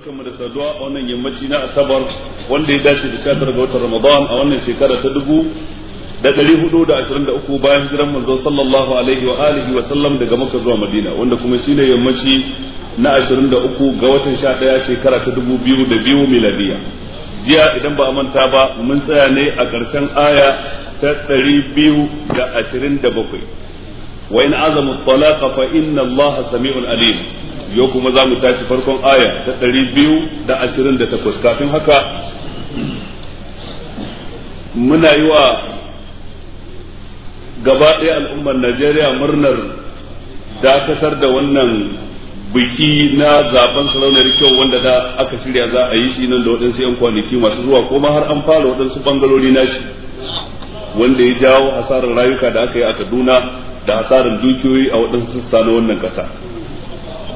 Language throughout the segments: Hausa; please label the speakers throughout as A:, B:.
A: mu da saduwa a wannan yammaci na asabar wanda ya dace da shatar ga watan ramadan a wannan shekara ta dubu da dari hudu da ashirin da uku bayan hijiran manzon sallallahu alaihi wa alihi wa sallam daga maka zuwa madina wanda kuma shi ne yammaci na ashirin da uku ga watan sha daya shekara ta dubu biyu da biyu miladiya jiya idan ba a manta ba mun tsaya ne a ƙarshen aya ta ɗari biyu da ashirin da bakwai wa in azamu talaqa fa inna allaha sami'un alim yau kuma za mu tashi farkon aya ta ɗari biyu da ashirin da takwas kafin haka muna yi wa gaba ɗaya al'ummar najeriya murnar dakatar da wannan biki na zaben sarauniyar kyau wanda da aka shirya za a yi shi nan da waɗansu 'yan kwanaki masu zuwa ma har an fara waɗansu bangarori na shi wanda ya jawo hasarar rayuka da aka yi a kaduna da hasarar dukiyoyi a waɗansu sassa na wannan ƙasa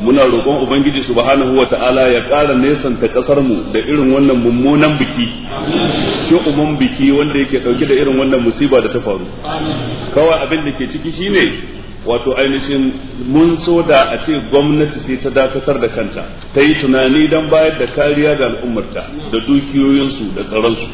A: muna roƙon ubangiji subhanahu ta'ala ya ƙara nesanta ƙasar mu da irin wannan mummunan biki shi'umin biki wanda yake ɗauke da irin wannan musiba da ta faru kawai abin da ke ciki shine wato ainihin mun so da a ce gwamnati sai ta dakatar da kanta ta yi tunani don bayar da kariya ga al'ummarta da dukiyoyinsu da tsaronsu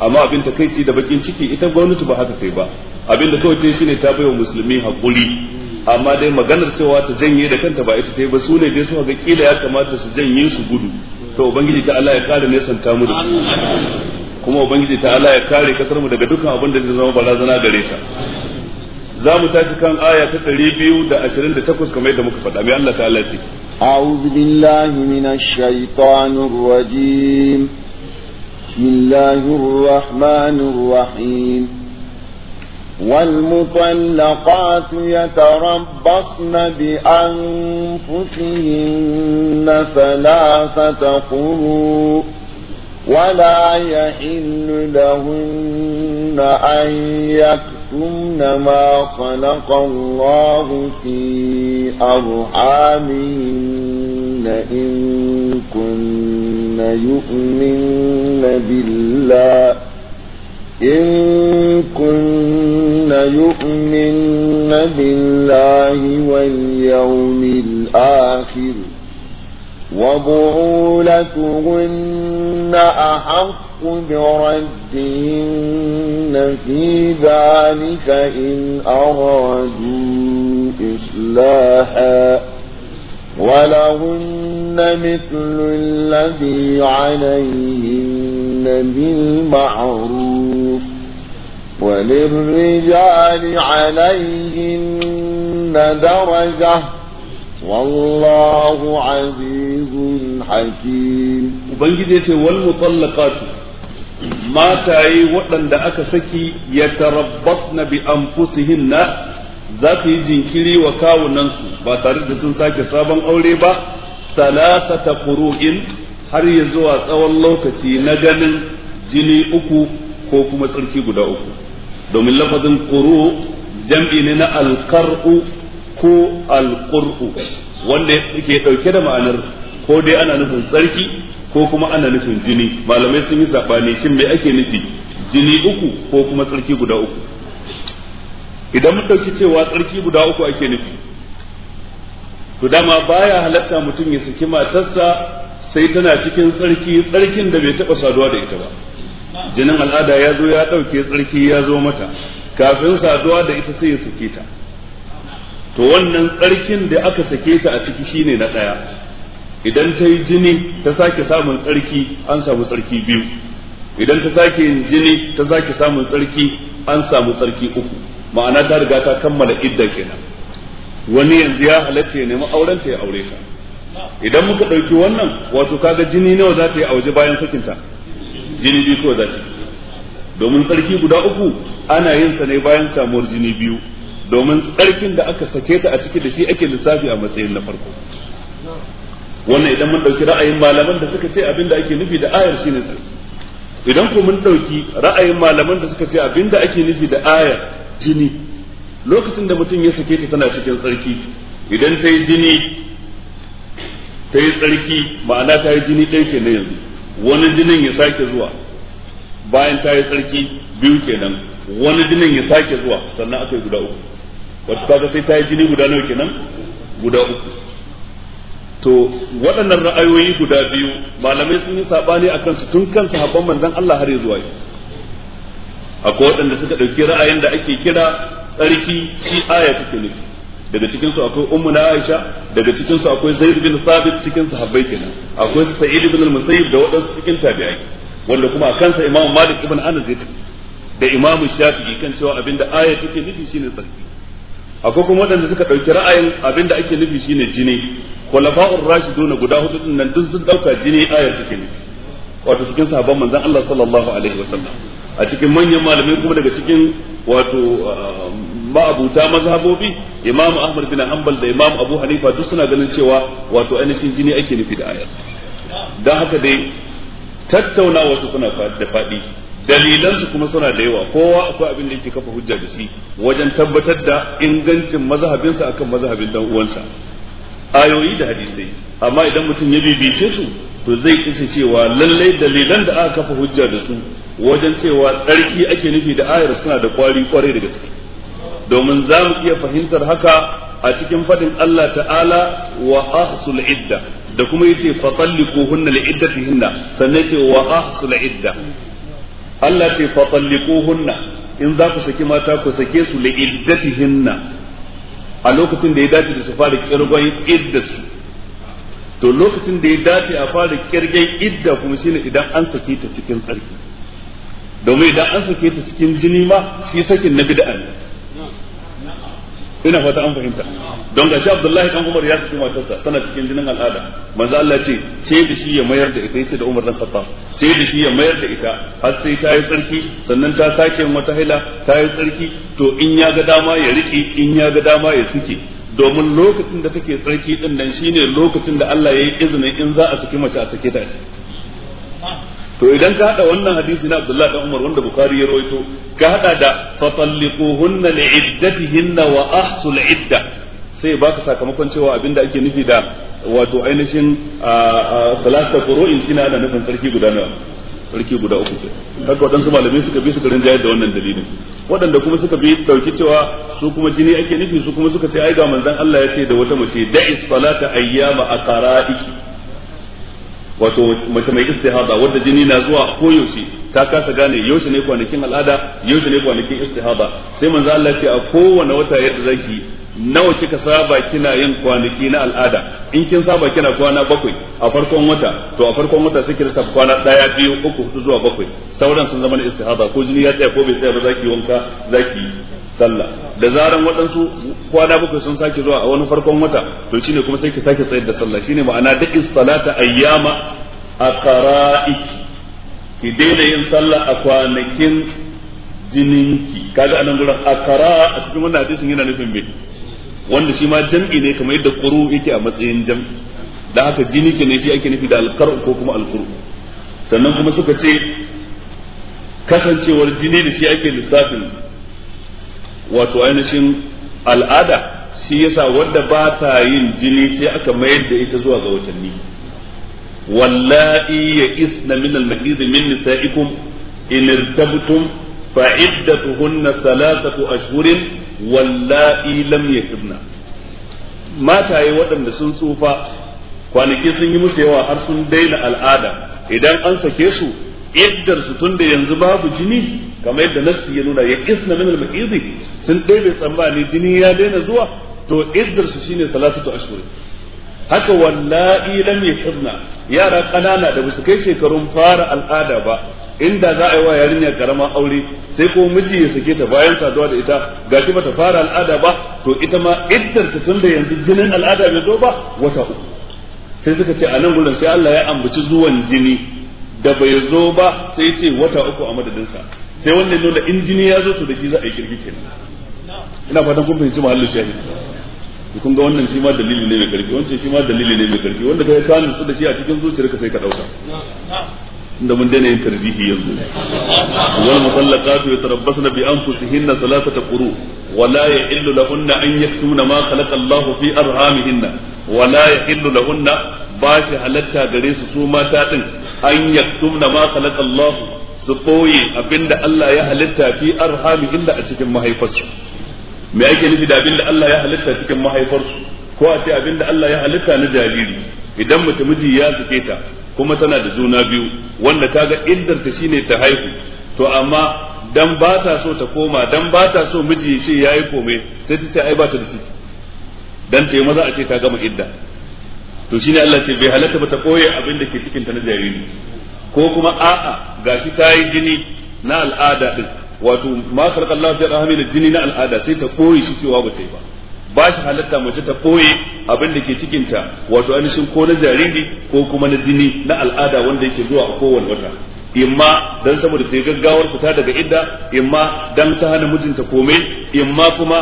A: amma abin takaici da bakin ciki ita gwamnati ba haka kai ba abin da kawai ce shi shine ta wa musulmi haƙuri amma dai maganar cewa ta janye da kanta ba ita ta yi ba su ne dai suka ga kila ya kamata su janye su gudu to ubangiji ta Allah ya kare santa mu da su kuma ubangiji ta Allah ya kare kasar mu daga dukkan abin da zai zama barazana gare ta za mu tashi kan aya ta 228 kamar yadda muka faɗa mai Allah ta Allah ce
B: أعوذ بالله من الشيطان الرجيم بسم الله الرحمن الرحيم والمطلقات يتربصن بأنفسهن ثلاثة قروء ولا يحل لهن أن يكتمن ما خلق الله في أرحامهن إن كن يؤمن بالله إن كن يؤمن بالله واليوم الآخر وبعولتهن أحق بردهن في ذلك إن أرادوا إصلاحا ولهن مثل الذي عليهن بالمعروف وللرجال عليهن درجة والله عزيز حكيم وبنجد والمطلقات mataye
A: waɗanda aka saki ya tarabbasna bi anfusihinna za su yi jinkiri wa kawunansu ba tare da sun sake sabon aure ba salasata qurun har ya zuwa tsawon lokaci na ganin jini uku ko kuma tsarki guda uku domin lafazin ƙuru jam'i ne na alƙar'u ko alƙur'u wanda ke ɗauke da ma'anar ko dai ana nufin tsarki ko kuma ana nufin jini malamai sun yi saɓani shin me ake nufi jini uku ko kuma tsarki guda uku idan mun ɗauki cewa tsarki guda uku ake nufi to dama baya halatta mutum ya saki matarsa sai tana cikin tsarki tsarkin da bai taɓa saduwa da ita ba jinin al'ada ya zo ya ɗauke tsarki ya zo mata kafin saduwa da ita sai ya sake ta to wannan tsarkin da aka sake ta a ciki shine na ɗaya idan ta yi jini ta sake samun tsarki an samu tsarki biyu idan ta sake yin jini ta sake samun tsarki an samu tsarki uku ma'ana ta riga ta kammala idda kenan wani yanzu ya halatta ya nemi aurenta ya aure ta idan muka ɗauki wannan wato kaga jini nawa za ta yi a waje bayan sakinta jini biyu kawai za ta yi domin tsarki guda uku ana yin sa ne bayan samuwar jini biyu domin tsarkin da aka sake ta a ciki da shi ake lissafi a matsayin na farko wannan idan mun ɗauki ra'ayin malaman da suka ce abin da ake nufi da ayar shine tsarki idan ko mun ɗauki ra'ayin malaman da suka ce abin da ake nufi da ayar jini lokacin da mutum ya sake ta tana cikin tsarki idan ta yi jini ta yi tsarki ma'ana ta yi jini ɗaya kenan yanzu wani jinin ya sake zuwa bayan ta yi tsarki biyu kenan wani jinin ya sake zuwa sannan aka yi guda uku wata kaga sai ta yi jini guda nawa kenan guda uku to waɗannan ra'ayoyi guda biyu malamai sun yi saɓani a kansu tun kan sahabban manzon Allah har zuwa yau akwai waɗanda suka ɗauki ra'ayin da ake kira tsarki shi aya take nufi daga cikin su akwai ummu na Aisha daga cikin su akwai Zaid bin Thabit cikin sahabbai kenan akwai Sa'id bin al-Musayyib da wadansu cikin tabi'ai wanda kuma a kansa Imam Malik ibn Anas ya da Imam Shafi'i kan cewa abinda aya take nufi shine tsarki akwai kuma wadanda suka ɗauki ra'ayin abinda ake nufi shine jini khulafa'ur rashidun guda hudu din nan duk sun dauka jini ayar take nufi wato cikin sahabban manzon Allah sallallahu alaihi wasallam a cikin manyan malamai kuma daga cikin wato ah, ma'abuta mazhabobi imam ahmad bin hanbal da imam abu hanifa duk suna ganin cewa wato ainihin jini ake nufi da ayar dan haka dai tattaunawa wasu suna da faɗi dalilansu kuma suna da yawa kowa akwai abin da yake kafa hujja da shi wajen tabbatar da ingancin mazhabinsa akan mazhabin dan uwansa ayoyi da hadisai amma idan mutum ya bibice su to zai isa cewa lallai dalilan da aka kafa hujja da su wajen cewa tsarki ake nufi da ayar suna da kwari kwarai da gaske domin za mu iya fahimtar haka a cikin faɗin Allah ta'ala wa ahsul idda da kuma yace fa talliquhunna li iddatihinna sannan yace wa ahsul idda Allah ce fa talliquhunna in za ku saki mata ku sake su li iddatihinna a lokacin da ya dace da su fara kirgon iddasu to lokacin da ya dace a fara kirgon idda kuma shine idan an saki ta cikin tsarki domin idan an sake ta cikin jini ma shi sakin na bid'a ne ina fata an fahimta don gashi Abdullahi dan Umar ya saki matarsa tana cikin jinin al'ada manzo Allah ce ce da shi ya mayar da ita yace da Umar dan Khattab ce da shi ya mayar da ita har sai ta yi tsarki sannan ta sake wata haila ta yi tsarki to in ya ga dama ya riki in ya ga dama ya suke domin lokacin da take tsarki din nan shine lokacin da Allah ya yi izinin in za a saki mace a sake ta ce to idan ka hada wannan hadisi na Abdullah dan Umar wanda Bukhari ya rawaito ka hada da fatalliquhunna li'iddatihinna wa ahsul idda sai baka sakamakon cewa abinda ake nufi da wato ainihin salata qur'in shine ana nufin sarki guda nawa sarki guda uku ke haka waɗansu malamai suka bi suka rinjayar da wannan dalilin waɗanda kuma suka bi ɗauki cewa su kuma jini ake nufi su kuma suka ce ai ga manzon Allah ya ce da wata mace da is salata ayyama aqara'iki wato mace mai istihada wadda jini na zuwa ko yaushe ta kasa gane yaushe ne kwanakin al'ada yaushe ne kwanakin istihada sai manzo Allah ce a kowane wata yadda zaki nawa kika saba kina yin kwanaki na al'ada in kin saba kina kwana bakwai a farkon wata to a farkon wata sai kira saba kwana daya biyu uku hudu zuwa bakwai sauran sun zama na istihada ko jini ya tsaya ko bai tsaya ba zaki wanka zaki sallah da zaran waɗansu kwana bakwai sun sake zuwa a wani farkon wata to shine kuma sai ki sake tsayar da sallah shine ma'ana da salata ayyama a qara'iki ki daina yin sallah a kwanakin jininki kaga anan gurin a qara a cikin wannan hadisin yana nufin me wanda shi ma jam'i ne kamar yadda quru yake a matsayin jam'i da haka jininki ne shi ake nufi da alqar ko kuma alquru sannan kuma suka ce kasancewar jini da shi ake lissafin wato ainihin al'ada shi yasa wanda ba ta yin jini sai aka mayar da ita zuwa ga watanni wallahi ya isna min al-mahid min nisaikum in irtabtum fa iddatuhunna thalathatu ashhurin wallahi lam yakidna mataye waɗanda sun tsufa kwanaki sun yi musu yawa har sun daina al'ada idan an sake su iddar su tunda yanzu babu jini kamar yadda nassi ya nuna ya isna min al-ma'idi sun ɗebe tsammani jini ya daina zuwa to iddar su shine Salatu ashhur haka wallahi lam yahidna yara kanana da basu kai shekarun fara al'ada ba inda za a yi wa yarinya karama aure sai ko miji ya sake ta bayan saduwa da ita gashi bata fara al'ada ba to ita ma iddar ta tunda yanzu jinin al'ada bai zo ba wata uku sai suka ce a nan gurin sai Allah ya ambaci zuwan jini da bai zo ba sai sai wata uku a madadinsa sai wannan nuna injini ya zo to da shi za a yi kirki kenan ina fatan kun fahimci mahallin shahid to kun ga wannan shi ma dalili ne mai karfi wancan shi ma dalili ne mai karfi wanda kai ka su da shi a cikin zuciyar ka sai ka dauka inda mun daina yin tarjihi yanzu wal mutallaqatu yatarabbasna bi anfusihinna thalathata quru wa la yahillu lahunna an yaktumna ma khalaqa Allahu fi arhamihinna wa la yahillu lahunna ba shi halatta gare su su mata din an yaktumna ma khalaqa Allahu su ɓoye abinda Allah ya halitta fi arhami inda a cikin mahaifarsu me ake nufi da abinda Allah ya halitta cikin mahaifarsu ko a ce abinda Allah ya halitta na jariri idan mace miji ya zuke ta kuma tana da juna biyu wanda kaga iddar ta shine ta haihu to amma dan ba ta so ta koma dan ba ta so miji ya ce yayi komai sai ta ce ai ba ta da ciki dan ta yi maza a ce ta gama idda to shine Allah ce bai halatta ba ta koye abin da ke cikin ta na jariri ko kuma a'a gashi ta yi jini na al'ada din wato ma farqa Allah bi rahmin jini na al'ada sai ta koyi shi cewa ba ta yi ba ba shi halatta mace ta koye abin da ke cikinta wato ainihin ko na jariri ko kuma na jini na al'ada wanda yake zuwa a kowane wata imma dan saboda ta gaggawar fita daga idda imma dan ta hana mijinta komai imma kuma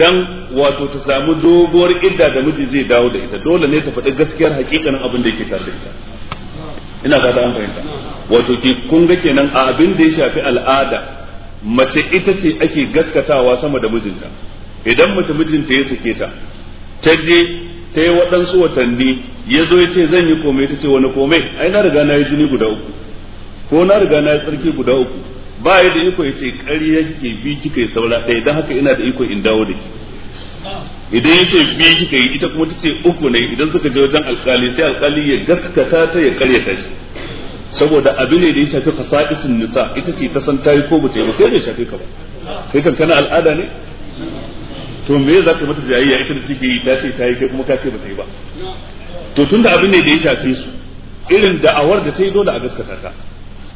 A: dan wato ta samu doguwar idda da miji zai dawo da ita dole ne ta faɗi gaskiyar hakikanin abin da yake tare da ita ina fata an fahimta wato ki kun ga kenan a abin da ya shafi al'ada mace ita ce ake gaskatawa sama da mijinta idan mace mijinta ya sake ta ta je ta yi waɗansu watanni ya zo ya ce zan yi komai ta ce wani komai ai na riga na yi jini guda uku ko na riga na yi tsarki guda uku ba yi da iko ya ce ƙarya kike bi kika yi saura ɗaya don haka ina da iko in dawo da ki idan ya ce biyu kika yi ita kuma ta ce uku ne idan suka je wajen alkali sai alkali ya gaskata ta ya ta shi saboda abu ne da ya shafi fasa'isin nisa ita ce ta san tayi ko ba ta yi ba kai bai shafi ka ba kai kan kana al'ada ne to me za ka mata jayayya ita da take yi ta ce ta yi kai kuma ka ce ba ta yi ba
C: to tunda abu ne da ya
A: shafi su irin da'awar da ta yi dole a gaskata ta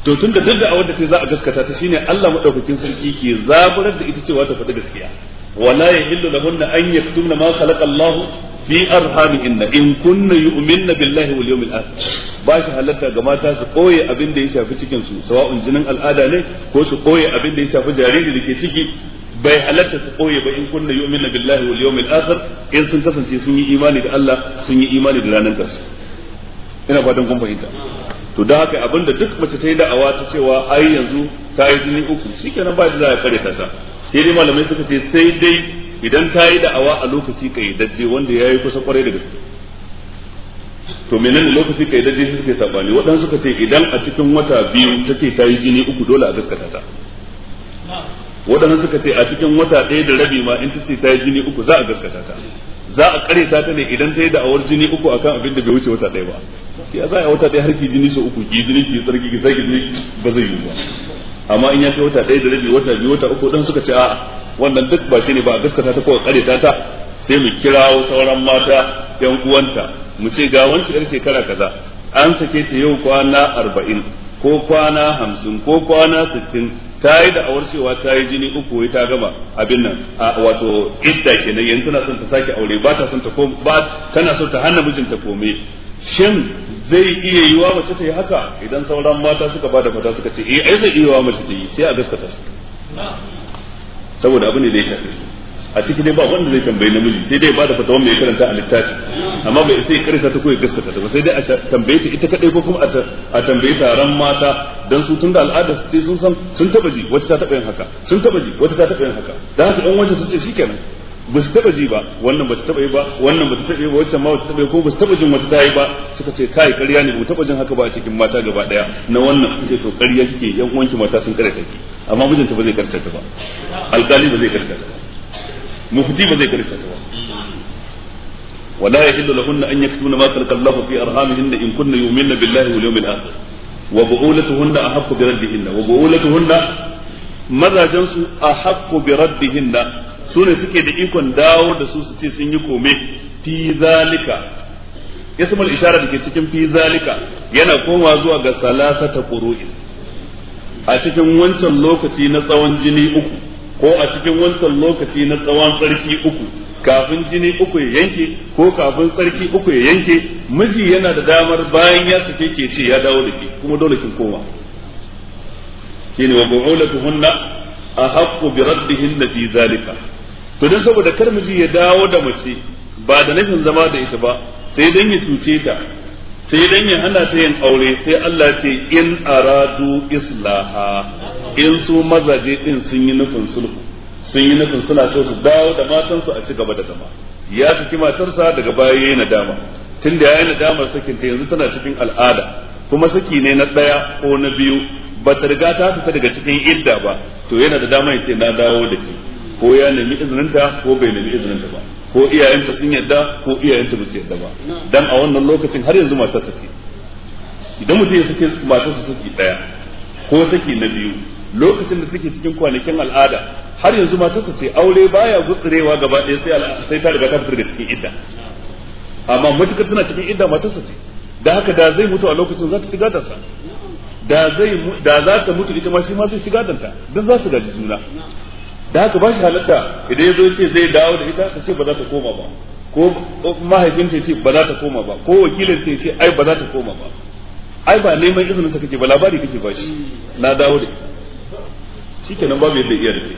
A: to tunda duk da'awar da ta yi za a gaskata ta shine Allah madaukakin sarki ke zaburar da ita cewa ta faɗi gaskiya ولا يحل لهن أن يكتمن ما خلق الله في أرحامهن إن كن يؤمن بالله واليوم الآخر باش halatta ga mata su koye abin da ya shafi cikinsu su sawa'un jinin al'ada ne ko su koye abin da ya shafi jariri da ke ciki bai halarta su koye ba in kunna yu'minu billahi wal yawmil in sun kasance sun yi imani da Allah sun yi imani da ranar kasu ina fatan kun fahimta to da haka abinda duk mace ta yi da'awa ta cewa ai yanzu ta yi jini uku shikenan ba da za a kare sai dai malamai suka ce sai dai idan ta yi da'awa a lokaci dajje wanda ya yi kusa kwarai da gaske to menene lokaci dajje su suke sabani waɗansu suka ce idan a cikin wata biyu ta ce ta yi jini uku dole a gaskata ta waɗansu suka ce a cikin wata ɗaya da rabi ma in ta ce ta yi jini uku za a gaskata ta za a kare ta ne idan ta yi da'awar jini uku akan abin da bai wuce wata ɗaya ba sai a za a wata ɗaya har ki jini sau uku ki jini ki tsarki ki sai jini ba zai yi ba amma in ya kai wata ɗaya da rabi wata biyu wata uku dan suka ce a wannan duk ba shi ne ba a gaskata ta ko kare ta sai mu kirawo sauran mata yan uwanta mu ce ga wanci yar shekara kaza an sake ta yau kwana arba'in ko kwana hamsin ko kwana sittin ta yi da awar cewa ta yi jini uku ta gama abin nan a wato idda kenan yanzu tana son ta sake aure ba ta son ta ko ba tana son ta hana mijinta komai shin zai iya yi wa mace ta yi haka idan sauran mata suka bada fata suka ce eh ai zai iya wa mace ta yi sai a gaskata su saboda abu ne da ya shafe su a ciki dai ba wanda zai tambayi namiji sai dai ba da fatawa mai karanta a littafi amma bai sai karanta ta koyi gaskata ta ba sai dai a tambaye ta ita kadai ko kuma a tambaye taron mata dan su tunda al'ada su ce sun san sun taba ji wata ta taba yin haka sun taba ji wata ta taba yin haka dan haka dan wacce ta ce shikenan ba su taba ji ba wannan ba ta taba yi ba wannan ba ta taba yi ba wancan ma ba ta taba yi ko ba su taba jin wata ta yi ba suka ce kai ƙarya ne ba taba jin haka ba a cikin mata gaba daya na wannan suka to ƙarya suke yan uwanki mata sun karanta ki amma mijinta ba zai karanta ta ba alƙali ba zai karanta ta ba mufti ba zai karanta ta ba wala yahillu lahunna an yaktuna ma khalaqa Allahu fi arhamihinna in kunna yu'minna billahi wal yawmil akhir wa bu'ulatuhunna ahaqqu bi raddihinna wa bu'ulatuhunna bi su ne suke da ikon dawo da su su ce sun yi kome fi zalika ismul ishara da ke cikin fi zalika yana koma zuwa ga salasata qur'in a cikin wancan lokaci na tsawon jini uku ko a cikin wancan lokaci na tsawon tsarki uku kafin jini uku ya yanke ko kafin tsarki uku ya yanke miji yana da damar bayan ya sake ke ce ya dawo da ke kuma dole kin koma shine wa bu'ulatuhunna ahaqqu bi raddihinna fi zalika to dan saboda kar miji ya dawo da mace ba da nufin zama da ita ba sai dan ya cuce ta sai dan ya hana ta yin aure sai Allah ce in aradu islaha in su mazaje din sun yi nufin sulhu sun yi nufin suna so su dawo da matansu a ci gaba da zama ya saki matarsa daga baya yayi nadama tunda yayi nadamar sakin ta yanzu tana cikin al'ada kuma saki ne na daya ko na biyu ba ta riga ta fita daga cikin idda ba to yana da dama ya ce na dawo da ke. ko ya nemi izininta ko bai nemi izininta ba ko iyayenta sun yadda ko iyayenta ba su yadda ba dan a wannan lokacin har yanzu matar ta ce idan mutum ya sake matarsa saki daya ko saki na biyu lokacin da take cikin kwanakin al'ada har yanzu ta ce aure baya gutsurewa gaba ɗaya sai sai ta riga ta fitar da cikin idda amma mutukar tana cikin idda ta ce da haka da zai mutu a lokacin za ta ci gadarsa da zai da za ta mutu ita ma shi ma zai ci gadanta duk za su gaji juna da haka ba shi halatta idan ya zo ce zai dawo da ita ta ce ba za ta koma ba ko mahaifin ce ce ba za ta koma ba ko wakilin ce ce ai ba za ta koma ba ai ba neman izinin sa kake ba labari kake ba shi na dawo da ita shikenan babu yadda iya da kai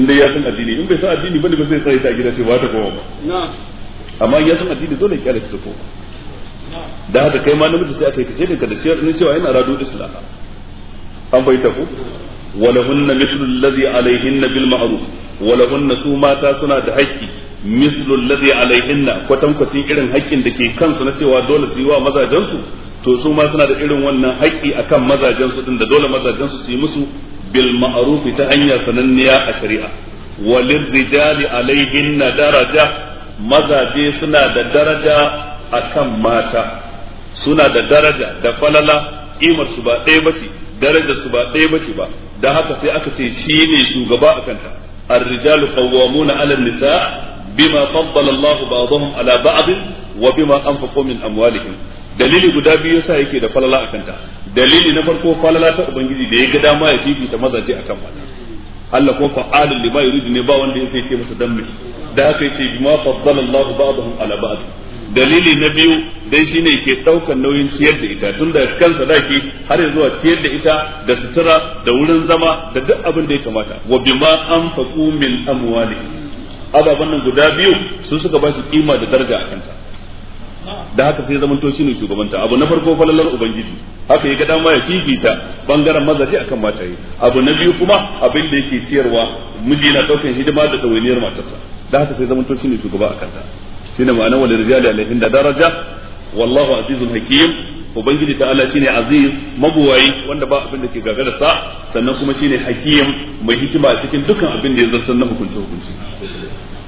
A: in dai ya san addini in bai san addini bane ba zai tsare ta gida ce ba ta koma ba amma ya san addini dole ya kyale ta
C: koma
A: da haka kai ma namiji sai aka yi kace ka da shi ne cewa yana radu islam an bai ta ko ولهن مثل الذي عليهن بالمعروف su mata suna da hakki مثل الذي kwatankwacin irin hakkin da ke kansu na cewa dole su yi wa mazajensu to su ma suna da irin wannan hakki akan mazajensu din da dole mazajensu su yi musu bilma'arufi ta hanyar sananniya a shari'a walil rijali alaihinna daraja mazaje suna da daraja akan mata suna da daraja da falala kimar ba ɗaya bace darajar su ba ɗaya bace ba dan haka sai aka ce shi ne shugaba a kanta ar-rijalu qawwamuna 'ala an-nisa bima faddala Allahu ba'dahum 'ala wa bima anfaqu min amwalihim dalili guda biyu yasa yake da falala a kanta dalili na farko falala ta ubangiji da ya ga dama ya fifita mazaje akan mata Allah ko fa'alul lima yuridu ne ba wanda yake ce masa dan mai da haka yake bima faddala Allahu ba'dahum 'ala ba'd dalili na biyu dai shine ke daukan nauyin ciyar da ita tun da kansa zaki har a ciyar da ita da sutura da wurin zama da duk abin da ya kamata wa bima anfaqu min amwali ababan nan guda biyu su suka ba shi kima da daraja a kanta da haka sai zaman to shine shugabanta abu na farko falalar ubangiji haka ya ga dama ya fifita bangaren mazaje akan mataye abu na biyu kuma abin da yake ciyarwa miji na daukan hidima da dawainiyar matarsa da haka sai zaman to shine shugaba a kanta shine ma'anar wal rijali alaihin da daraja wallahu azizun hakim ubangiji ta Allah shine aziz mabuwayi wanda ba abin da ke gagara sa sannan kuma shine hakim mai hikima a cikin dukkan abin da ya zartar na hukunci hukunci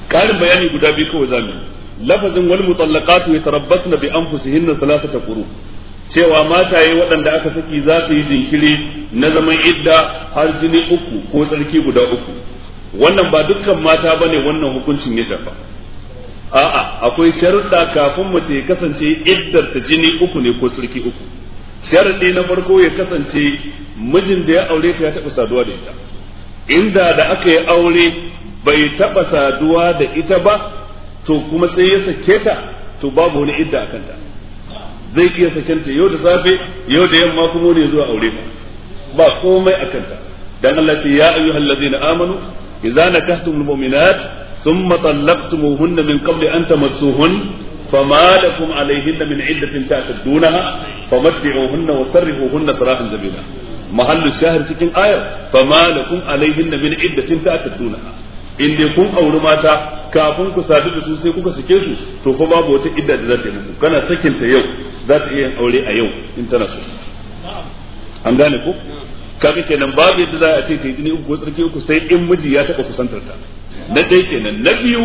A: karin bayani guda biyu kawai zamu lafazin wal mutallaqatu yatarabbasna bi anfusihinna thalathata quru cewa mataye waɗanda aka saki za su yi jinkiri na zaman idda har jini uku ko tsarki guda uku wannan ba dukkan mata bane wannan hukuncin ya shafa a'a akwai sharuɗa kafin mace ya kasance iddar ta jini uku ne ko tsirki uku sharuɗi na farko ya kasance mijin da ya aure ta ya taɓa saduwa da ita inda da aka yi aure bai taɓa saduwa da ita ba to kuma sai ya sake ta to babu wani idda a kanta zai iya ta yau da safe yau da yamma kuma wani zuwa aure ta ba komai a kanta dan Allah ce ya ayyuhallazina amanu idza nakahtumul mu'minat thumma tallaqtumuhunna min qabli an tamassuhun فما لكم عليهن من عدة تعتدونها فمتعوهن وسرحوهن سراحا جميلا محل الشاهد cikin ayar فما لكم عليهن من عدة تعتدونها in dai kun auri mata kafin ku sadu da su kuka sake su to babu wata idda da za ta yi muku kana yau aure a yau in tana so an gane ko kaga kenan babu yadda za a ce ta yi jini uku ko tsarki uku sai in miji ya taba kusantar ta na ɗaya kenan na biyu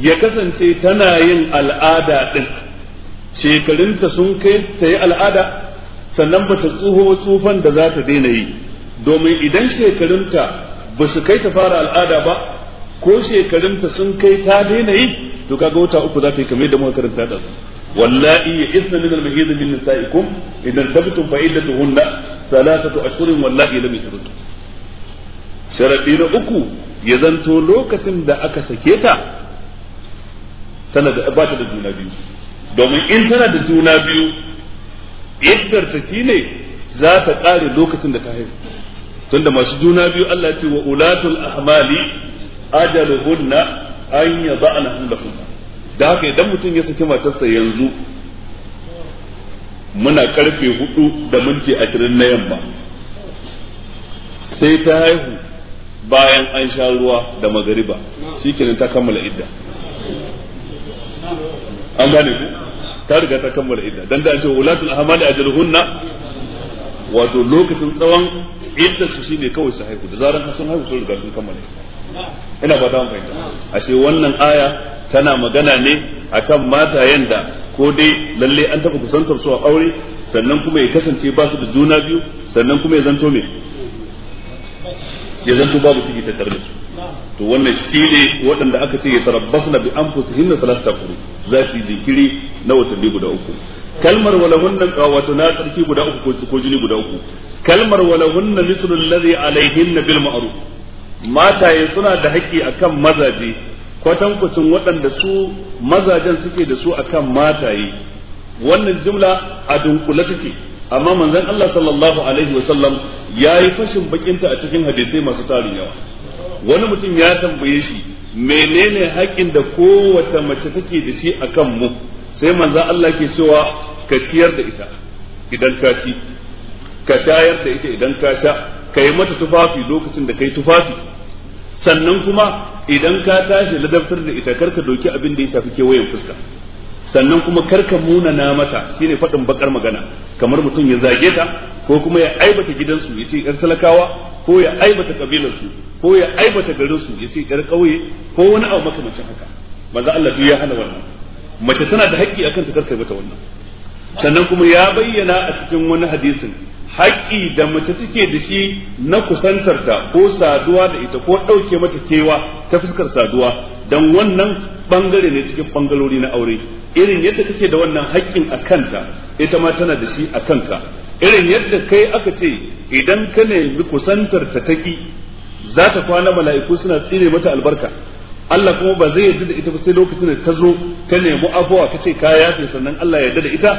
A: ya kasance tana yin al'ada ɗin shekarunta sun kai ta yi al'ada sannan ba ta tsoho tsufan da za ta daina yi domin idan shekarunta ba su kai ta fara al'ada ba ko shekarunta sun kai ta daina yi to kaga wata uku za ta yi kamar da muka karanta da su wallahi ya isna min al-mahid min nisaikum idan tabtum fa iddatuhunna thalathatu ashhurin wallahi lam yatrud sharadi na uku ya zanto lokacin da aka sake ta tana da ba ta da juna biyu domin in tana da juna biyu iddarta shine za ta kare lokacin da ta haihu tunda masu juna biyu Allah ce wa ulatul ahmali ajaluhunna an yada'na hamlahunna da haka idan mutum ya saki matarsa yanzu muna karfe hudu da minti ashirin na yamma sai ta haihu bayan an sha ruwa da magariba shikenan ta kammala idda an gane ku ta riga ta kammala idda dan da ce ulatul ahmali ajruhunna wato lokacin tsawon idda su shine kawai su haihu da zaran sun haihu sun riga sun kammala ina fata mun fahimta ce wannan aya tana magana ne akan matayen da ko dai lalle an taba kusantar su a aure sannan kuma ya kasance ba su da juna biyu sannan kuma ya zanto me ya zanto babu ciki tattare da su to wannan shi ne waɗanda aka ce ya na bi anfusihinna salasta quru za su yi jinkiri na watanni guda uku kalmar walahunna wato na tsarki guda uku ko jini guda uku kalmar walahunna mislul ladhi alaihinna bil ma'ruf mataye suna da haƙƙi akan mazaje Kwatan kwatankwacin waɗanda su mazajen suke da su akan mataye wannan jimla a dunkule take amma manzon Allah sallallahu alaihi wa sallam ya yi fashin bakinta a cikin hadisai masu tarin yawa wani mutum ya tambaye shi menene haƙƙin da kowace mace take da shi a kan mu sai manzan Allah ke cewa ka ciyar da ita idan ka ci ka shayar da ita idan ka sha ka yi mata tufafi lokacin da ka yi tufafi sannan kuma idan ka tashi ladabtar da ita karka doki abin da ya shafi kewayen fuska sannan kuma karka munana mata shine faɗin bakar magana kamar mutum ya zage ta ko kuma ya aibata gidansu ya ce ƴar talakawa ko ya aibata kabilarsu ko ya aibata garinsu ya ce ƴar ƙauye, ko wani abu makamancin haka maza Allah duk ya hana wannan mace tana da haƙƙi akan ta karkai mata wannan sannan kuma ya bayyana a cikin wani hadisin haƙƙi da mace take da shi na kusantarta ko saduwa da ita ko ɗauke mata kewa ta fuskar saduwa dan wannan bangare ne cikin bangarori na aure irin yadda kake da wannan haƙƙin a kanta ita ma tana da shi a kanta. irin yadda kai aka ce idan ka nemi kusantar ta taki za ta kwana mala'iku suna tsire mata albarka Allah kuma ba zai yarda da ita ba sai lokacin da ta zo ta nemi abuwa ka ce ka yafe sannan Allah ya yarda da ita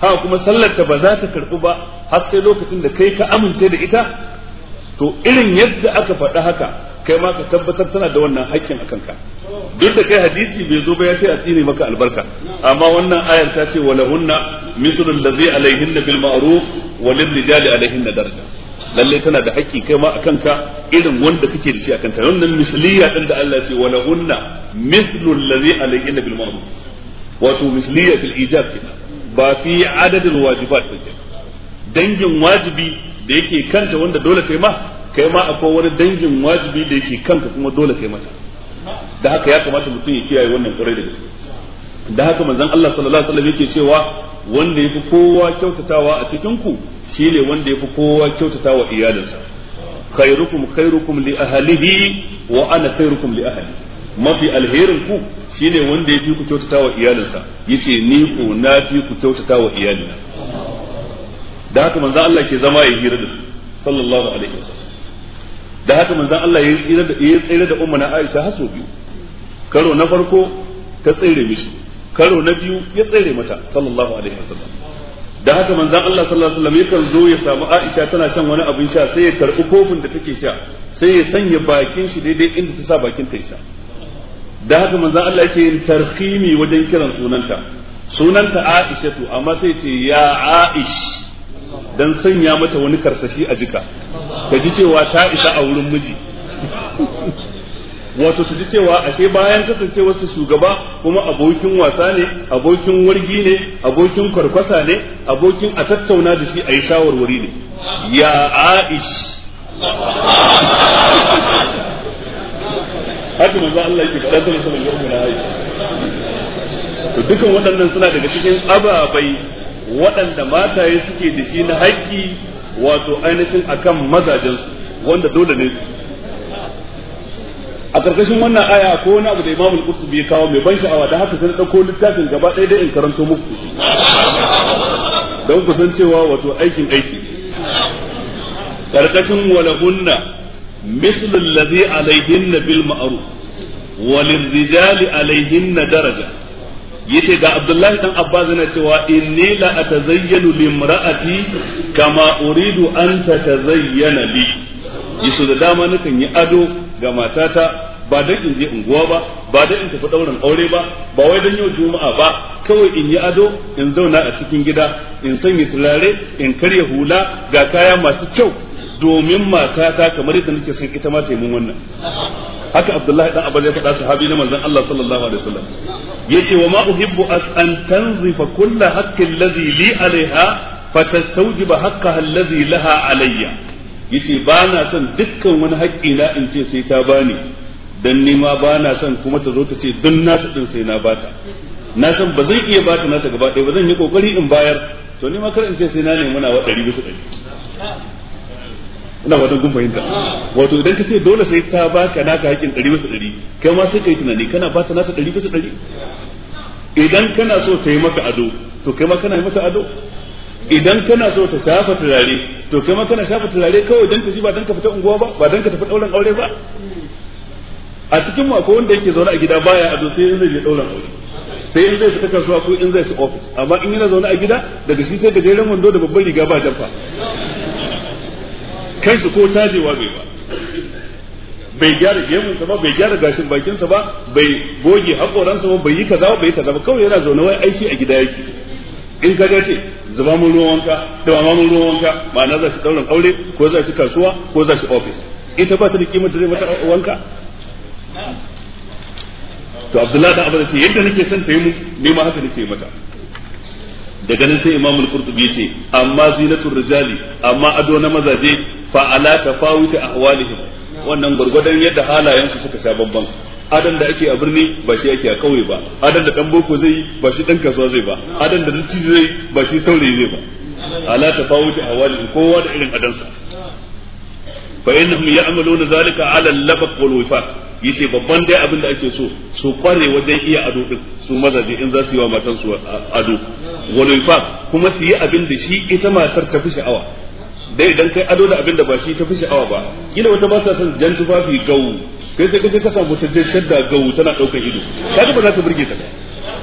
A: ha kuma sallar ta ba za ta karɓi ba har sai lokacin da kai ka amince da ita to irin yadda aka faɗi haka kai ma ka tabbatar tana da wannan haƙƙin a kanka duk da kai hadisi bai zo ba ya ce a tsine maka albarka amma wannan ayar ta ce walahunna mislu allazi alaihinna bil ma'ruf walil rijali alaihinna daraja lalle tana da haƙƙi kai ma a kanka irin wanda kake da shi a kanta wannan misliya din da Allah ya ce walahunna mislu allazi alaihinna bil ma'ruf wato misliya fil ijab ba fi adadin wajibat ba dangin wajibi da yake kanta wanda dole sai ma kai ma akwai wani dangin wajibi da yake kanka kuma dole kai mata da haka ya kamata mutum ya kiyaye wannan kurai da gaske da haka manzon Allah sallallahu alaihi wasallam yake cewa wanda yafi kowa kyautatawa a cikin ku shine wanda yafi kowa kyautatawa iyalinsa khairukum khairukum li ahlihi wa ana khairukum li ahli mafi alherin ku shine wanda yafi ku kyautatawa iyalinsa yace ni ko na fi ku kyautatawa iyalina da haka manzon Allah ke zama ya hira da su sallallahu alaihi wasallam da haka manzon Allah ya tsira da ya tsira da ummu Aisha har biyu karo na farko ta tsire mishi karo na biyu ya tsire mata sallallahu alaihi wasallam da haka manzon Allah sallallahu alaihi wasallam yakan zo ya samu Aisha tana shan wani abin sha sai ya karbi kofin da take sha sai ya sanya bakin shi daidai inda ta sa bakin ta sha da haka manzon Allah yake yin tarhimi wajen kiran sunanta sunanta Aisha to amma sai ce ya Aisha. dan sanya mata wani karsashi a jika ta ji cewa ta isa a wurin miji wato su ji cewa ashe bayan kasancewar su shugaba kuma abokin wasa ne abokin wargi ne abokin kwarkwasa ne abokin a tattauna da shi a yi shawarwari ne ya aish
C: haka manzo Allah yake faɗa ta musamman ga umma na to Dukkan
A: waɗannan suna daga cikin ababai waɗanda mataye suke da shi na haƙƙi wato ainihin akan mazajensu wanda dole ne su a ƙarƙashin wannan aya ko wani abu da imamul qurtubi ya kawo mai ban sha'awa da haka sai na ɗauko littafin gaba ɗaya dai in karanto muku don ku san cewa wato aikin aiki ƙarƙashin walahunna mislul ladhi alaihinna bil ma'ruf walirrijali alaihinna daraja yace ga Abdullahi dan Abbas yana cewa inni la atazayyanu limra'ati kama uridu an tatazayyana li yaso da dama nakan yi ado ga matata ba dan in je unguwa ba ba dan in tafi daurin aure ba ba wai dan yau juma'a ba kawai in yi ado in zauna a cikin gida in sanya turare in karya hula ga kaya masu kyau domin matata kamar yadda nake son ita ma ta yi mun wannan haka abdullahi dan abbas ya faɗa sahabi na manzon Allah sallallahu alaihi wasallam yace wa ma uhibbu as an tanzifa kull haqqi alladhi li alaiha fatastawjiba haqqaha alladhi laha alayya yace ba na son dukkan wani haƙƙi na in ce sai ta bani dan ni ma ba na son kuma ta zo ta ce dun na ta din sai na bata na san ba zan iya bata ta gaba ɗaya ba zan yi kokari in bayar to ni ma kar in ce sai na nemi na wa ɗari bisa
C: ɗari
A: ina wadan gun fahimta wato idan ka ce dole sai ta baka naka haƙƙin 100 bisa ɗari kai ma sai kai tunani kana ba ta naka 100 bisa idan kana so ta yi maka ado to kai ma kana yi mata ado idan kana so ta shafa turare to kai ma kana shafa turare kawai dan ta ji ba dan ka fita unguwa ba ba dan ka tafi dauran aure ba a cikin mu akwai wanda yake zaune a gida baya ado sai in zai je dauran aure sai in zai fita kasuwa ko in zai su office amma in yana zaune a gida daga shi sai gajeren wando da babban riga ba jamfa Kai su ko tajewa bai ba bai gyara gemunsa ba bai gyara gashin bakinsa ba bai goge hakoransa ba bai yi kaza bai kaza ba kawai yana zaune wai aiki a gida yake in ka ga ce zuba mun ruwan wanka da ma mun ruwan wanka ma'ana za shi daurin aure ko za shi kasuwa ko za shi office ita ba ta da kimar da zai mata wanka to abdullahi da abada ce yadda nake son ta yi mu ne ma haka nake mata daga nan sai imamul qurtubi ce amma zinatul rijali amma ado na mazaje fa ala tafawuti ahwalihim wannan gurgurdan yadda halayensu suka sha babban adan da ake a birni ba shi ake a kauye ba adan da dan boko zai ba shi dan kasuwa zai ba adan da dace zai ba shi saurayi zai ba ala tafawuti ahwalihim kowa da irin adansa fa innahum ya'maluna zalika ala al-labaq wal wifaq yace babban dai abin da ake so su kware wajen iya ado din su mazaje in za su yi wa matansu ado wal wifaq kuma su yi abin da shi ita matar ta fi sha'awa dai idan kai ado da abin da ba shi ta fi sha'awa ba kila wata ba sa son jan tufafi gawu kai sai kace ka samu ta jan shadda gawu tana daukar ido Ka ba za ta burge ta ba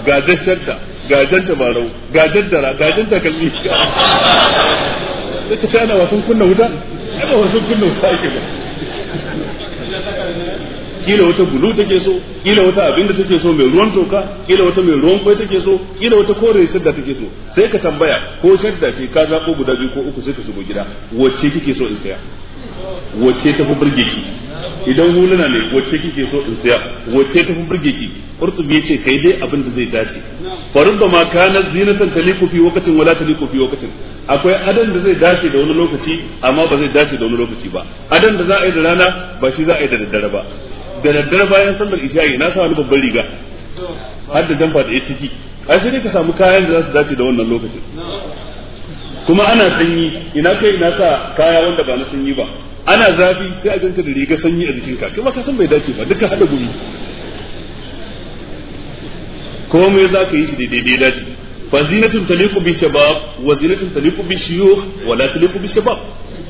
A: ga jan shadda ga jan tabarau ga jan ga jan takalmi
C: sai
A: ka tana wasan kunna wuta ai ba wasan kunna wuta ake ba kila wata bulu take so kila wata abinda take so mai ruwan toka kila wata mai ruwan kwai take so kila wata kore shadda take so sai ka tambaya ko shadda ce ka zaɓo guda biyu ko uku sai ka shigo gida wacce kike so in saya wacce tafi burge ki idan huluna ne wacce kike so in saya wacce tafi burge ki qurtubi yace kai dai abin zai dace farudda ma kana zinatan taliku fi waqtin wala taliku fi waqtin akwai adan da zai dace da wani lokaci amma ba zai dace da wani lokaci ba adan da za a yi da rana ba shi za a yi da daddare ba da daddare bayan sallar isha'i na samu wani babban riga har da jamfa da ya ciki ai sai ka samu kayan da za su dace da wannan lokacin kuma ana sanyi ina kai ina sa kaya wanda ba na sanyi ba ana zafi sai a ganka da riga sanyi a jikinka kuma ka san bai dace ba duka hada gumi komai za ka yi shi daidai daidai dace fa zinatun taliqu bi shabab wa zinatun taliqu bi shuyukh wa la taliqu bi shabab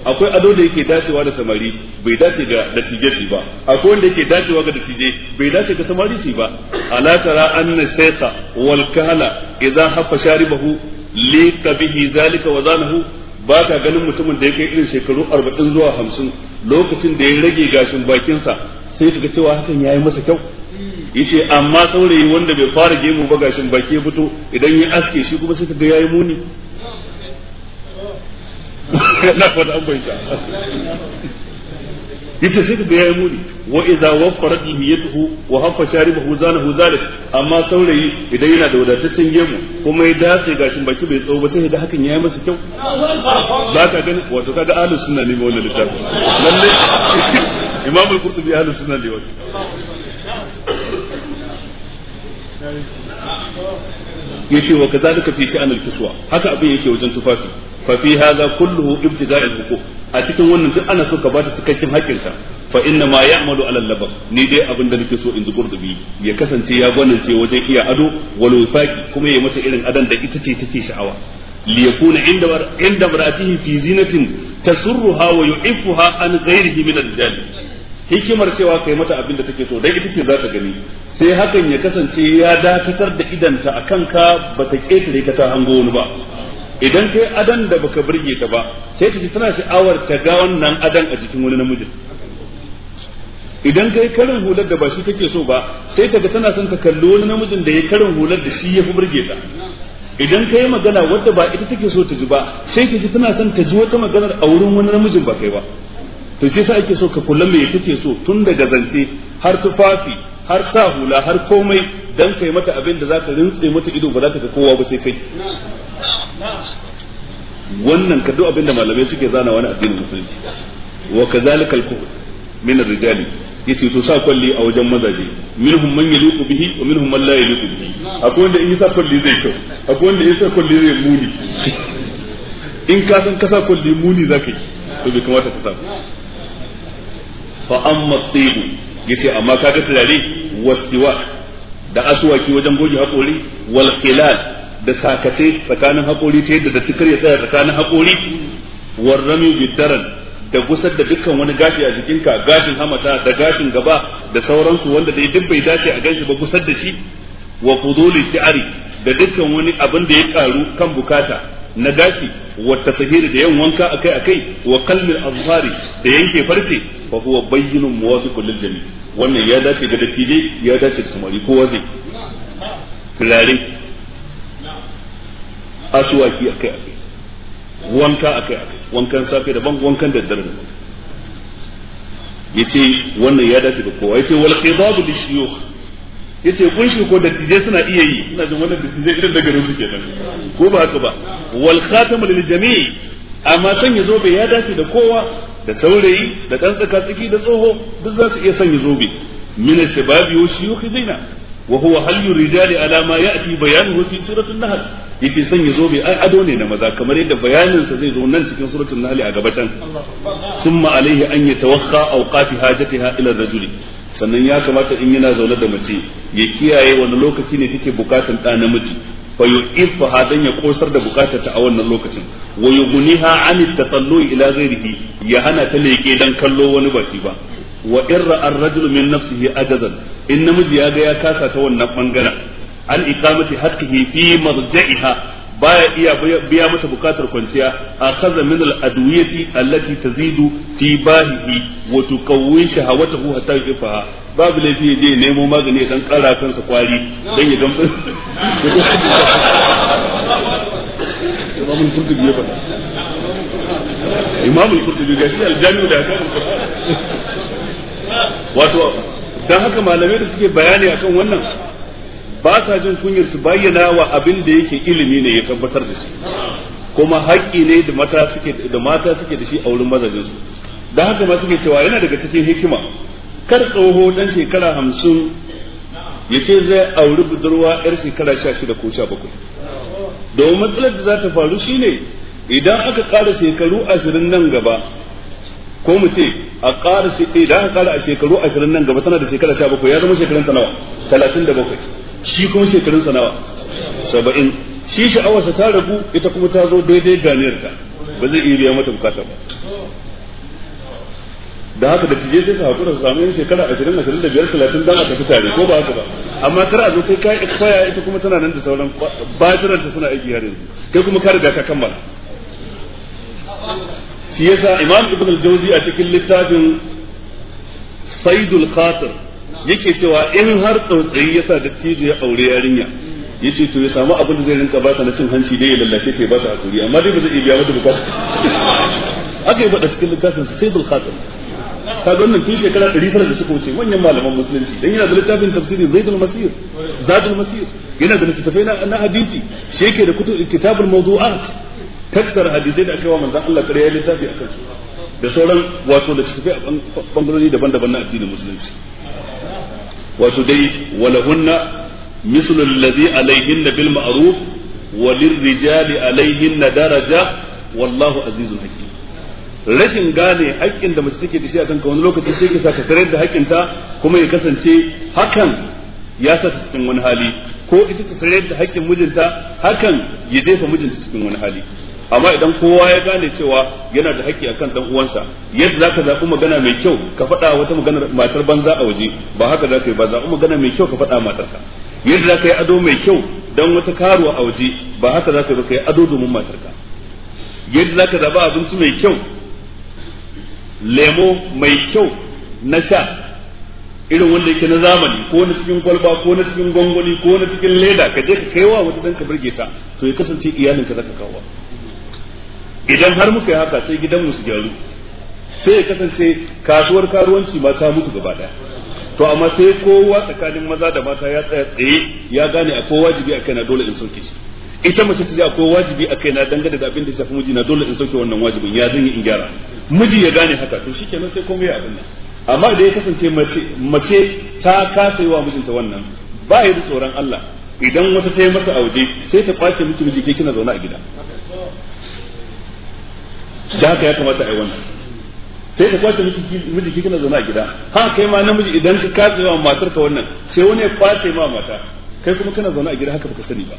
A: akwai ado da yake dacewa da samari bai dace ga su ba akwai wanda yake dacewa ga dattijai bai dace ga samari su ba ala tara anna shaykha wal kala idza hafa sharibahu li tabihi zalika wa zanahu ba ka ganin mutumin da ya kai irin shekaru arba'in zuwa hamsin lokacin da ya rage gashin bakinsa sai kaga cewa hakan ya yi masa kyau yace amma saurayi wanda bai fara gemu ba gashin baki ya fito idan ya aske shi kuma sai kaga yayi muni
C: na fata
A: an bai yace sai ka yayi muni wa idza waffarat miyatuhu wa haffa sharibahu zanahu zalik amma saurayi idan yana da wadataccen gemu kuma ya dace gashin baki bai tsawo ba sai da hakan yayi masa kyau za ka gani wato kaga ahlus sunna ne ba wannan littafin
C: lalle imam
A: al-qurtubi ahlus sunna ne wato yace wa kazalika fi sha'an al-kiswa haka abin yake wajen tufafi fa fi hadha kulluhu ibtiga'il huquq a cikin wannan duk ana so ka bata cikakken haƙƙinka fa inna ma ya'malu ala labab ni dai abin da nake so in ji qurdubi ya kasance ya gwanance wajen iya ado wal wifaqi kuma ya mata irin adan da ita ce take sha'awa li yakuna inda inda mar'atihi fi zinatin tasurruha wa yu'iffuha an ghayrihi min ar-rijal hikimar cewa kai mata abin da take so dan ita ce za ta gani sai hakan ya kasance ya dakatar da idanta akan ka bata ketare ka ta hango wani ba idan kai adan da baka burge ta ba sai ta tana sha'awar ta ga wannan adan a jikin wani namijin idan kai karin hular da ba shi take so ba sai ta ga tana son ta kalli wani namijin da ya karin hular da shi ya fi burge ta idan ka magana wadda ba ita take so ta ji ba sai ta ji tana son ta ji wata maganar a wurin wani namijin ba kai ba to sai ta ake so ka kula me take so tun daga zance har tufafi har sa hula har komai dan kai mata abin da zaka rintse mata ido ba za ta ga kowa ba sai kai wannan ka duk abinda malamai suke zana wani addinin musulunci wa kazalikal kuhul min ar-rijali yace to sa kwalli a wajen mazaje minhum man yaliqu bihi wa minhum man la yaliqu bihi akwai wanda in sa kwalli zai kyau akwai wanda in sa kwalli zai muni in ka san ka sa kwalli muni zaka yi to bai kamata ka sa fa amma tibu yace amma kaga turare wasiwa da aswaki wajen goge hakori wal khilal da sakace tsakanin haƙori ta yadda da tukar ya tsaya tsakanin haƙori warrami bidaran da gusar da dukkan wani gashi a jikinka gashin hamata da gashin gaba da sauransu wanda dai duk bai dace a ganshi ba gusar da shi wa fuduli shi'ari da dukkan wani abin da ya karu kan bukata na gashi wa tatahiri da yan wanka akai akai wa qalmil azhari da yanke farce fa huwa bayyinun muwafiqun lil jami' wannan ya dace ga dattijai ya dace da samari ko zai turare asuwaki akai akai wanka akai akai wankan safe daban wankan daddare daban ce wannan ya dace da kowa ya yace wal qidabu lishuyukh yace kunshi ko dattijai suna iya yi ina jin wannan dattijai irin da garin su kenan ko ba haka ba wal khatamu lil jami' amma sanya zobe ya dace da kowa da saurayi da dan tsaka tsaki da tsoho duk za su iya sanya zobe min shababi wa shuyukh zaina wa huwa halyu rijali ala ma ya'ti bayanuhu fi suratul nahl yace sanya zobe ai ado ne na maza kamar yadda bayanin sa zai zo nan cikin suratul nahl a gabatan summa alaihi an yatawakha awqati hajatiha ila juri. sannan ya kamata in yana zaune da mace ya kiyaye wani lokaci ne take bukatan da namiji fa yu'iffa hadan ya kosar da bukatar ta a wannan lokacin wa yughniha an tatallu ila ghairihi ya hana ta leke dan kallo wani ba shi ba wa irra ar-rajulu min nafsihi ajazan in namiji ya ga ya kasa ta wannan bangaren an iqamati haqqihi fi marja'iha baya iya biya mata bukatar kwanciya a min al-adwiyati allati tazidu fi bahihi wa tuqawwi shahawatahu hatta yufaha babu laifi je nemo magani dan kara kansa kwari dan ya gamsu
C: Imam al ya ga shi
A: wato dan haka malamai da suke bayani akan wannan ba sa jin kunyar su bayyana wa abin da yake ilimi ne ya tabbatar da shi kuma haƙƙi ne da mata suke da mata suke da shi a wurin mazajin su da haka ma suke cewa yana daga cikin hikima kar tsoho dan shekara hamsin ya ce zai auri budurwa yar shekara sha shida ko sha bakwai domin matsalar da za ta faru shine idan aka ƙara shekaru ashirin nan gaba ko mu ce a ƙara idan aka ƙara a shekaru ashirin nan gaba tana da shekara sha bakwai ya zama shekarun ta nawa talatin da bakwai shi kuma shekarun sanawa
C: nawa
A: saba'in shi sha'awarsa ta ragu ita kuma ta zo daidai ganiyar ta ba zai iya biya mata bukata ba da haka da tije sai su haƙura su samu yin shekara ashirin ashirin da biyar talatin dan a tafi tare ko ba haka ba amma tara a zo kai ka kaya ita kuma tana nan da sauran batiran ta suna aiki har yanzu kai kuma ka riga ka kammala shi yasa imam ibn al-jawzi a cikin littafin saidul khatir yake cewa in har tsautsayi ya sa dattijo ya aure yarinya yace to ya samu abin da zai rinka ba ta na cin hanci dai ya lallashe ta ya ba ta hakuri amma dai ba zai biya mata bukata aka yi faɗa cikin littafin saidul khatim ka ga wannan tun shekara 900 da suka wuce manyan malaman musulunci dan yana da littafin tafsirin zaidul masir zadul masir yana da littafai na hadisi shi yake da kitabul mawdu'at tattara hadisai da aka yi wa manzon Allah kare littafi akan su da sauran wato da littafai a bangarori daban-daban na addinin musulunci wato dai walahunna mislu allazi alaihinna bil ma'ruf walirrijali na daraja wallahu azizun hakim rashin gane haƙƙin da mace take da shi akan ka wani lokaci sai sa saka sarar da ta kuma ya kasance hakan ya sa ta cikin wani hali ko ita ta sarar da haƙƙin mijinta hakan ya jefa mijinta cikin wani hali amma idan kowa ya gane cewa yana da haƙƙi akan dan uwansa yadda zaka zaɓi magana mai kyau ka faɗa wata magana matar banza a waje ba haka zaka yi ba zaɓi magana mai kyau ka faɗa matarka yadda zaka yi ado mai kyau dan wata karuwa a waje ba haka zaka yi ba kai ado domin matarka yadda zaka zaɓi abinci mai kyau lemo mai kyau na sha irin wanda yake na zamani ko na cikin kwalba ko na cikin gwangwani ko na cikin leda ka je ka kaiwa wata dan ka burge ta to ya kasance iyalinka zaka kawo idan har muka yi haka sai gidanmu su gyaru sai ya kasance kasuwar karuwanci ma ta mutu gaba daya to amma sai kowa tsakanin maza da mata ya tsaya tsaye ya gane a ko wajibi a kaina dole in sauke shi ita mace ta ji ko wajibi a kaina dangane da abin da shafi miji na dole in sauke wannan wajibin ya zan yi in gyara miji ya gane haka to shikenan sai komai abin nan amma da ya kasance mace mace ta kasa yi wa mijinta wannan ba ya da tsoron Allah idan wata ta yi masa auje sai ta kwace miki miji ke kina zaune a gida da haka ya kamata a yi wannan sai ka kwace miji kana zaune a gida ha kai ma namiji idan ka kace wa matar ka wannan sai wani ya kwace ma mata kai kuma kana zaune a gida haka baka sani ba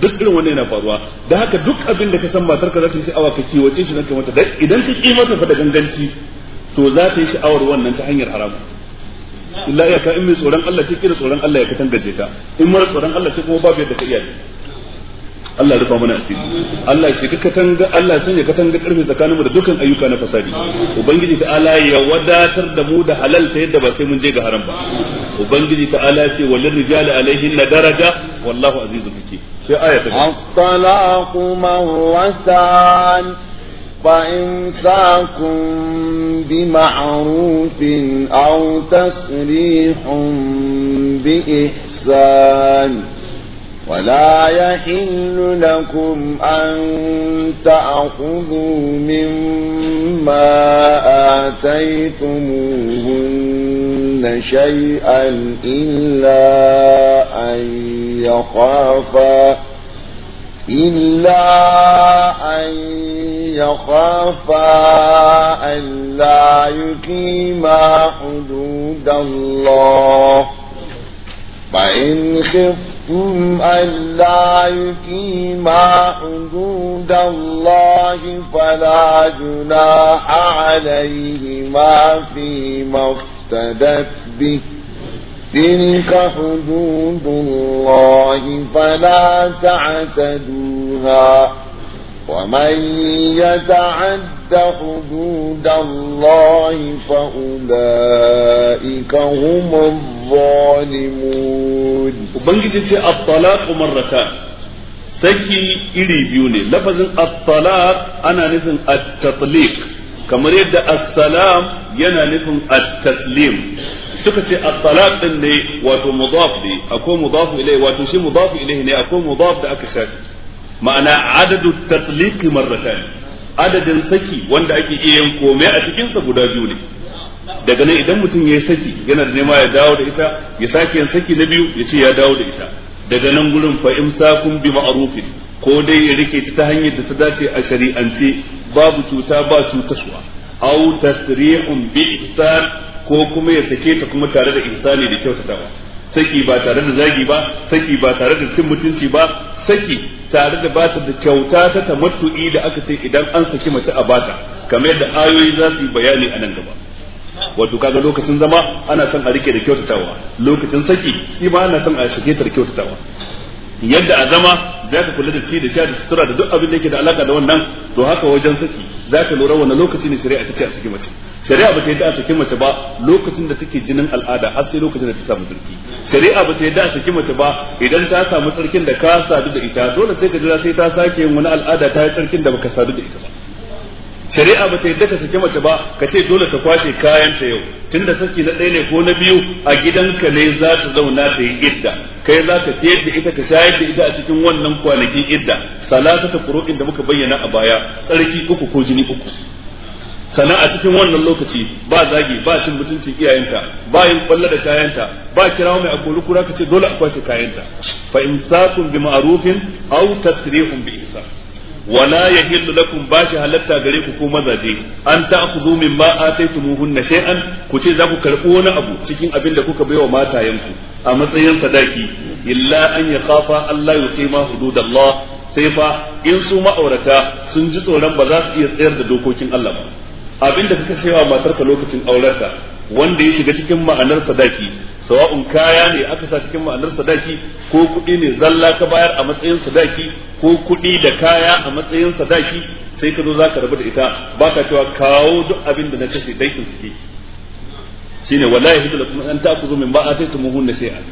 A: duk irin wannan yana faruwa da haka duk abin da ka san matar ka za ta yi sha'awa ka kiwace shi nan ka mata idan ka ki mata fa da ganganci to za ta yi sha'awar wannan ta hanyar haram illa ka in mai tsoron Allah ce kira tsoron Allah ya katangaje ta in mara tsoron Allah ce kuma babu yadda ka iya Allah ya rufa mana asiri Allah shi katanga Allah sanya katanga karfe tsakanin mu da dukkan ayyuka na fasadi ubangiji ta'ala ya wadatar da mu da halal ta yadda ba sai mun je ga haram ba ubangiji ta'ala ce walil rijali alaihin na daraja wallahu azizun
C: hakim sai aya ta
B: at-talaqu marratan فإمساكم بمعروف أو تسريح بإحسان ولا يحل لكم أن تأخذوا مما آتيتموهن شيئا إلا أن يخافا إلا أن يخافا ألا يقيما حدود الله فإن خفت منكم ألا يقيما حدود الله فلا جناح عليهما فيما افتدت به تلك حدود الله فلا تعتدوها ومن يتعد حدود الله فأولئك هم الظالمون وبنجي الطلاق
A: مرتان سكي إلي بيوني لفظ الطلاق أنا نفن التطليق كما يبدا السلام ينا نفن التسليم سكتي الطلاق اللي واتو مضاف لي أكون مضاف إليه وتو مضاف إليه أكون مضاف لأكساتي ma'ana adadu tatliqi marratan adadin saki wanda ake iya yin komai a cikin sa guda biyu ne daga nan idan mutum ya saki yana da nema ya dawo da ita ya sake yin saki na biyu ya ce ya dawo da ita daga nan gurin fa imsakun bi ma'rufin ko dai ya rike ta ta hanyar da ta dace a shari'ance babu cuta ba cutaswa aw tasri'un bi ihsan ko kuma ya sake ta kuma tare da ihsani da kyautatawa saki ba tare da zagi ba saki ba tare da cin mutunci ba saki tare da ba ta da kyauta ta tamattu'i da aka ce idan an saki mace a bata kamar yadda ayoyi za su yi bayani a nan gaba wato kaga lokacin zama ana son a rike da kyautatawa lokacin saki shi ma ana son a sake ta da kyautatawa yadda a zama za ka kula da ci da sha da sutura da duk abin da yake da alaka da wannan to haka wajen saki za ka lura wani lokaci ne shari'a ta ce a saki mace shari'a ba ta yadda a saki mace ba lokacin da take jinin al'ada har sai lokacin da ta samu sarki shari'a ba ta yadda a saki mace ba idan ta samu tsarkin da ka sadu da ita dole sai ka jira sai ta sake yin wani al'ada ta yi tsarkin da baka sadu da ita ba shari'a ba ta yadda ka saki mace ba ka ce dole ta kwashe kayan ta yau tunda saki na ɗaya ne ko na biyu a gidanka ne za ta zauna ta yi idda kai za ka ciyar da ita ka shayar da ita a cikin wannan kwanakin idda salata ta da muka bayyana a baya tsarki uku ko jini uku sannan a cikin wannan lokaci ba zagi ba cin mutuncin iyayenta ba yin kwalla da kayanta ba kirawo mai akori kura ka ce dole a kwashe kayanta fa imsakun bi ma'rufin aw tasrihun bi ihsan wala yahillu lakum bashi halarta gare ku ko mazaje an ta'khudhu mimma ataytumuhunna an ku ce za ku wani abu cikin abin da kuka baiwa matayenku a matsayin sadaki illa an yakhafa Allah yuqima Allah sai fa in su ma'aurata sun ji tsoron ba za su iya tsayar da dokokin Allah ba abin da kaka sayawa matarka lokacin aurarta wanda ya shiga cikin ma'anar sadaki sawa'un kaya ne aka sa cikin ma'anar sadaki ko kuɗi ne zalla ka bayar a matsayin sadaki ko kuɗi da kaya a matsayin sadaki sai ka zo za ka rabu da ita ba ka cewa kawo duk abin da na kashe daikin su ke ne wallahi hidu lakum an ta'khudhu min ba a ma ataytumuhunna shay'an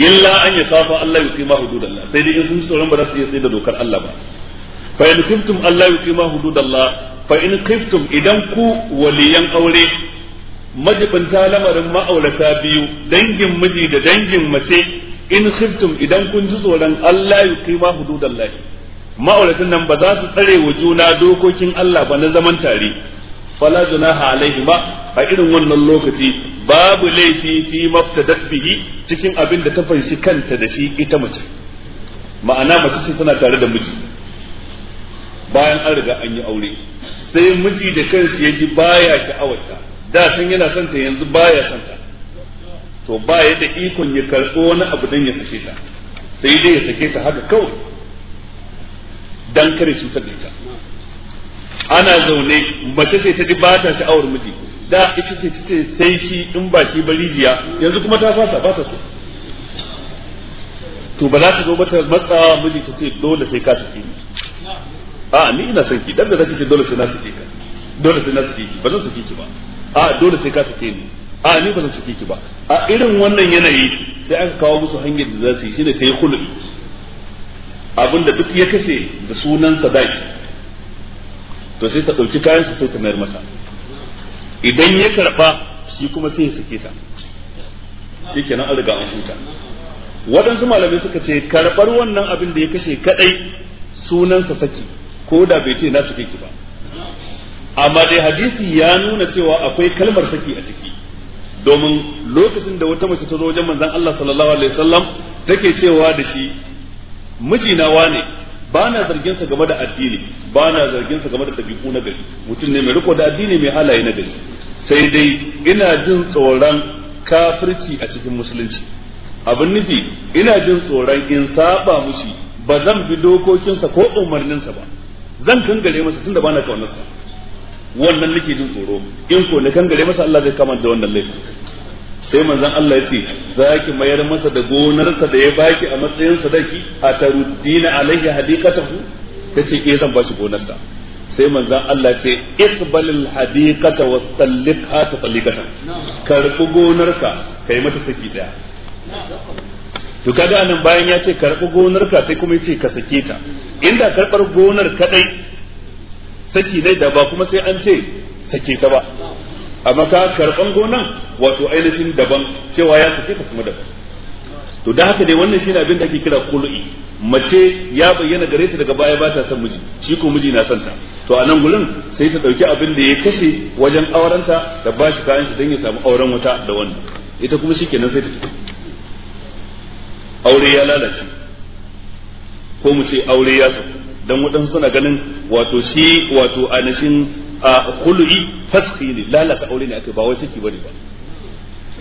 A: illa an yakhafa Allah hudu da Allah. sai dai in sun tsoron ba za su iya tsaye da dokar Allah ba fa in khiftum Allah hudu da Allah, fa in khiftum idan ku waliyan aure majibinta lamarin ma'aurata biyu dangin miji da dangin mace in khiftum idan kun ji tsoron Allah hududan hududallah ma'auratan nan ba za su tsare wa juna dokokin Allah ba na zaman tare fala junaha alaihi ba a irin wannan lokaci babu laifi fi maftadat bihi cikin abin da ta fanshi kanta da shi ita mace ma'ana mace ce tana tare da miji bayan an riga an yi aure sai miji da kansa ya ji baya sha'awarta da sun yana son ta yanzu baya son ta to ba ya da ikon ya karɓo wani abu don ya sake ta sai dai ya sake ta haka kawai dan kare cutar da ita ana zaune mace ce ta ji ba ta sha'awar miji da ita ce ta ce sai shi in ba shi ba rijiya yanzu kuma ta fasa ba ta so to ba za ta zo ba ta matsa miji ta ce dole sai ka sake ni a ni ina son ki dan da zaki ce dole sai na sake ka dole sai na sake ki ba zan sake ki ba a dole sai ka sake ni a ni ba zan sake ki ba a irin wannan yanayi sai aka kawo musu hanyar da za su yi shine ta yi hulɗi abinda duk ya kashe da sunan sadaki to sai ta ɗauki kayansa sai ta mayar masa idan ya karɓa shi kuma sai ya sake ta shi kenan an riga an huta waɗansu malamai suka ce karɓar wannan abin da ya kashe kaɗai sunansa saki ko da bai ce na sake ki ba amma dai hadisi ya nuna cewa akwai kalmar saki a ciki domin lokacin da wata mace ta zo wajen manzon Allah sallallahu alaihi wasallam take cewa da shi mijina wane ba na zargin sa game da addini ba na zargin sa game da dabi'u na gari mutum ne mai riko da addini mai halaye na gari sai dai ina jin tsoron kafirci a cikin musulunci abin nufi ina jin tsoron in saba mushi ba zan bi dokokinsa ko umarninsa ba zan kangare masa tunda bana kaunarsa wannan nake jin tsoro in ko na kangare masa Allah zai kama da wannan laifin sai manzon Allah ya ce za ki mayar masa da gonarsa da ya baki a matsayin sadaki a taruddina alaihi hadiqatahu tace ke eh, zan bashi gonarsa sai manzon Allah ce iqbalil hadiqata wa talliqha tatliqatan karbi gonarka kai mata saki daya to kaga anan bayan ya ce karbi gonarka sai kuma ya ce ka sake ta inda karbar gonar kadai saki ne da ba kuma sai an ce sake ta ba amma ka karban gonan wato ainihin daban cewa ya sake ta kuma daban to da haka dai wannan shine abin da ake kira kulu'i mace ya bayyana gare ta daga baya ba ta son miji shi ko miji na son ta to a nan gurin sai ta dauki abin da ya kashe wajen aurenta da ba shi kayan shi dan ya samu auren wata da wannan ita kuma shikenan sai ta aure ya lalace ko mu ce aure ya sauka dan waɗansu suna ganin wato shi wato anashin a kulu'i faski ne lalata aure ne aka ba wai saki bane ba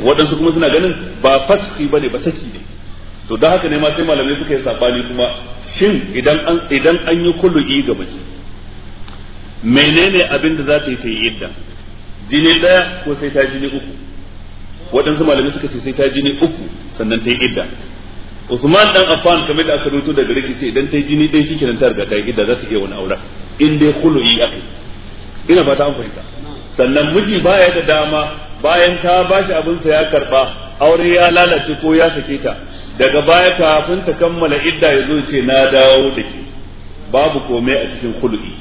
A: waɗansu kuma suna ganin ba faski bane ba saki ne to da haka ne ma sai malamai suka yi sabani kuma shin idan an idan an yi kulu'i ga mace menene abin da za ta yi ta yi yadda jini ɗaya ko sai ta jini uku waɗansu malamai suka ce sai ta jini uku sannan ta yi yadda. Usman dan Affan kamar da aka rubuta daga rishi sai idan ta jini dai shi kenan ta riga ta gida za ta iya wani aure in dai khulu'i akai ina ta an fahimta sannan miji baya da dama bayan ta bashi abin sa ya karba aure ya lalace ko ya sake ta daga baya kafin ta kammala idda ya zo ce na dawo da ke babu komai a cikin khulu'i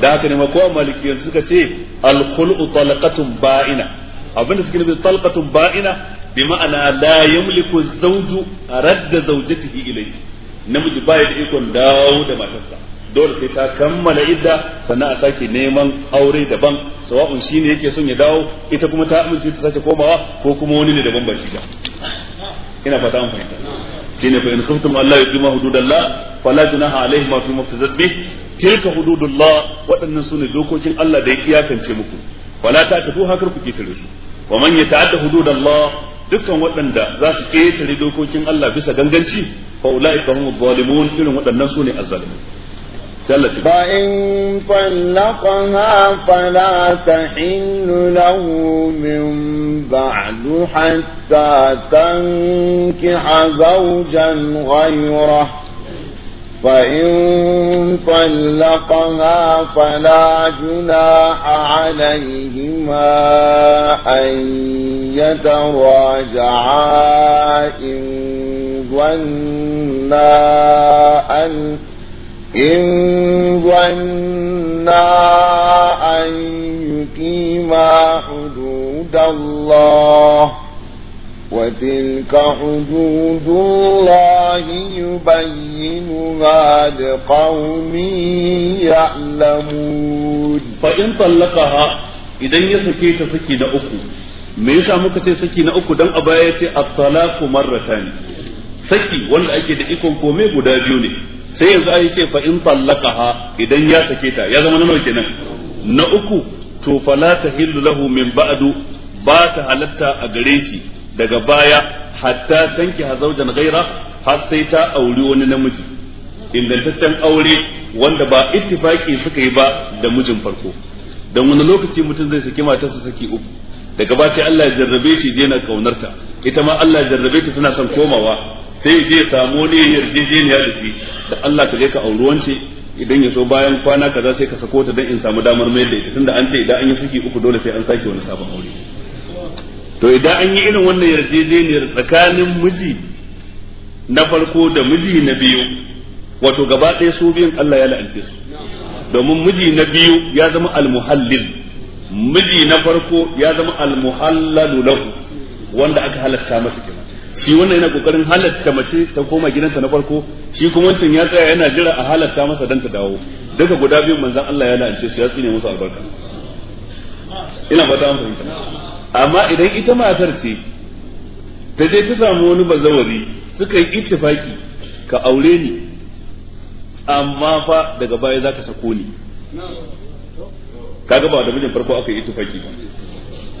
A: da haka ne makowa malikiyan suka ce al khulu'u talaqatun ba'ina abinda suke nufi talqatun ba'ina bi ma'ana la yamliku zawju radda zawjatihi ilayhi namiji baya da ikon dawo da matarsa dole sai ta kammala idda sannan a sake neman aure daban sawa'un shine yake son ya dawo ita kuma ta amince ta sake komawa ko kuma wani ne daban ba shi ba ina fata an fahimta shine fa in khiftum alla yuqima hududallah fala junaha alayhi ma fi muftazat bih tilka hududullah waɗannan sune dokokin Allah da ya iyakance muku wala ta tafu hakar ku kitare shi wa man yata'adda hududallah dukkan waɗanda za su ƙetare dokokin Allah bisa ganganci fa ulai ka hum zalimun irin waɗannan sune azzalimun sallati ba
B: in talaqaha fala tahillu lahu min ba'du hatta tankiha zawjan ghayrahu فإن طلقها فلا جناح عليهما أن يتراجعا إن ظنا أن إن ظنا أن يقيما حدود الله وتلك حدود الله يبينها لقوم يعلمون فإن طلقها إذا يسكيت سكي أكو me yasa muka ce saki na uku
A: dan a baya ce at-talaqu ne saki wanda ake da ikon kome guda biyu ne sai yanzu ai ce fa in idan ya sake ta ya zama nawa kenan na uku to fala tahillu lahu min ba'du ba ta halatta a gare shi daga baya hatta tanki hazaujan gaira har sai ta auri wani namiji ingantaccen aure wanda ba ittifaki suka yi ba da mijin farko dan wani lokaci mutum zai saki matarsa saki uku daga ba sai Allah ya jarrabe shi je na kaunarta ita ma Allah ya jarrabe ta tana son komawa sai je samu ne yarjejeniya da shi da Allah ka je ka auri wance idan ya so bayan kwana kaza sai ka sako ta dan in samu damar mai da ita tunda an ce idan an yi saki uku dole sai an sake wani sabon aure to idan an yi irin wannan yarjejeniyar tsakanin miji na farko da miji na biyu wato gaba ɗaya su biyun Allah ya la'ance su domin miji na biyu ya zama almuhallil miji na farko ya zama almuhallalu lahu wanda aka halatta masa kima shi wannan yana kokarin halatta mace ta koma gidanta na farko shi kuma wancan ya tsaya yana jira a halatta masa dan ta dawo duka guda biyun manzon Allah ya la'ance su ya tsine musu albarka ina fata an fahimta amma idan ita matar ce ta je ta samu wani bazawari suka yi ittifaki ka aure ni amma fa daga baya zaka sako ni kaga ba da mijin farko aka yi ittifaki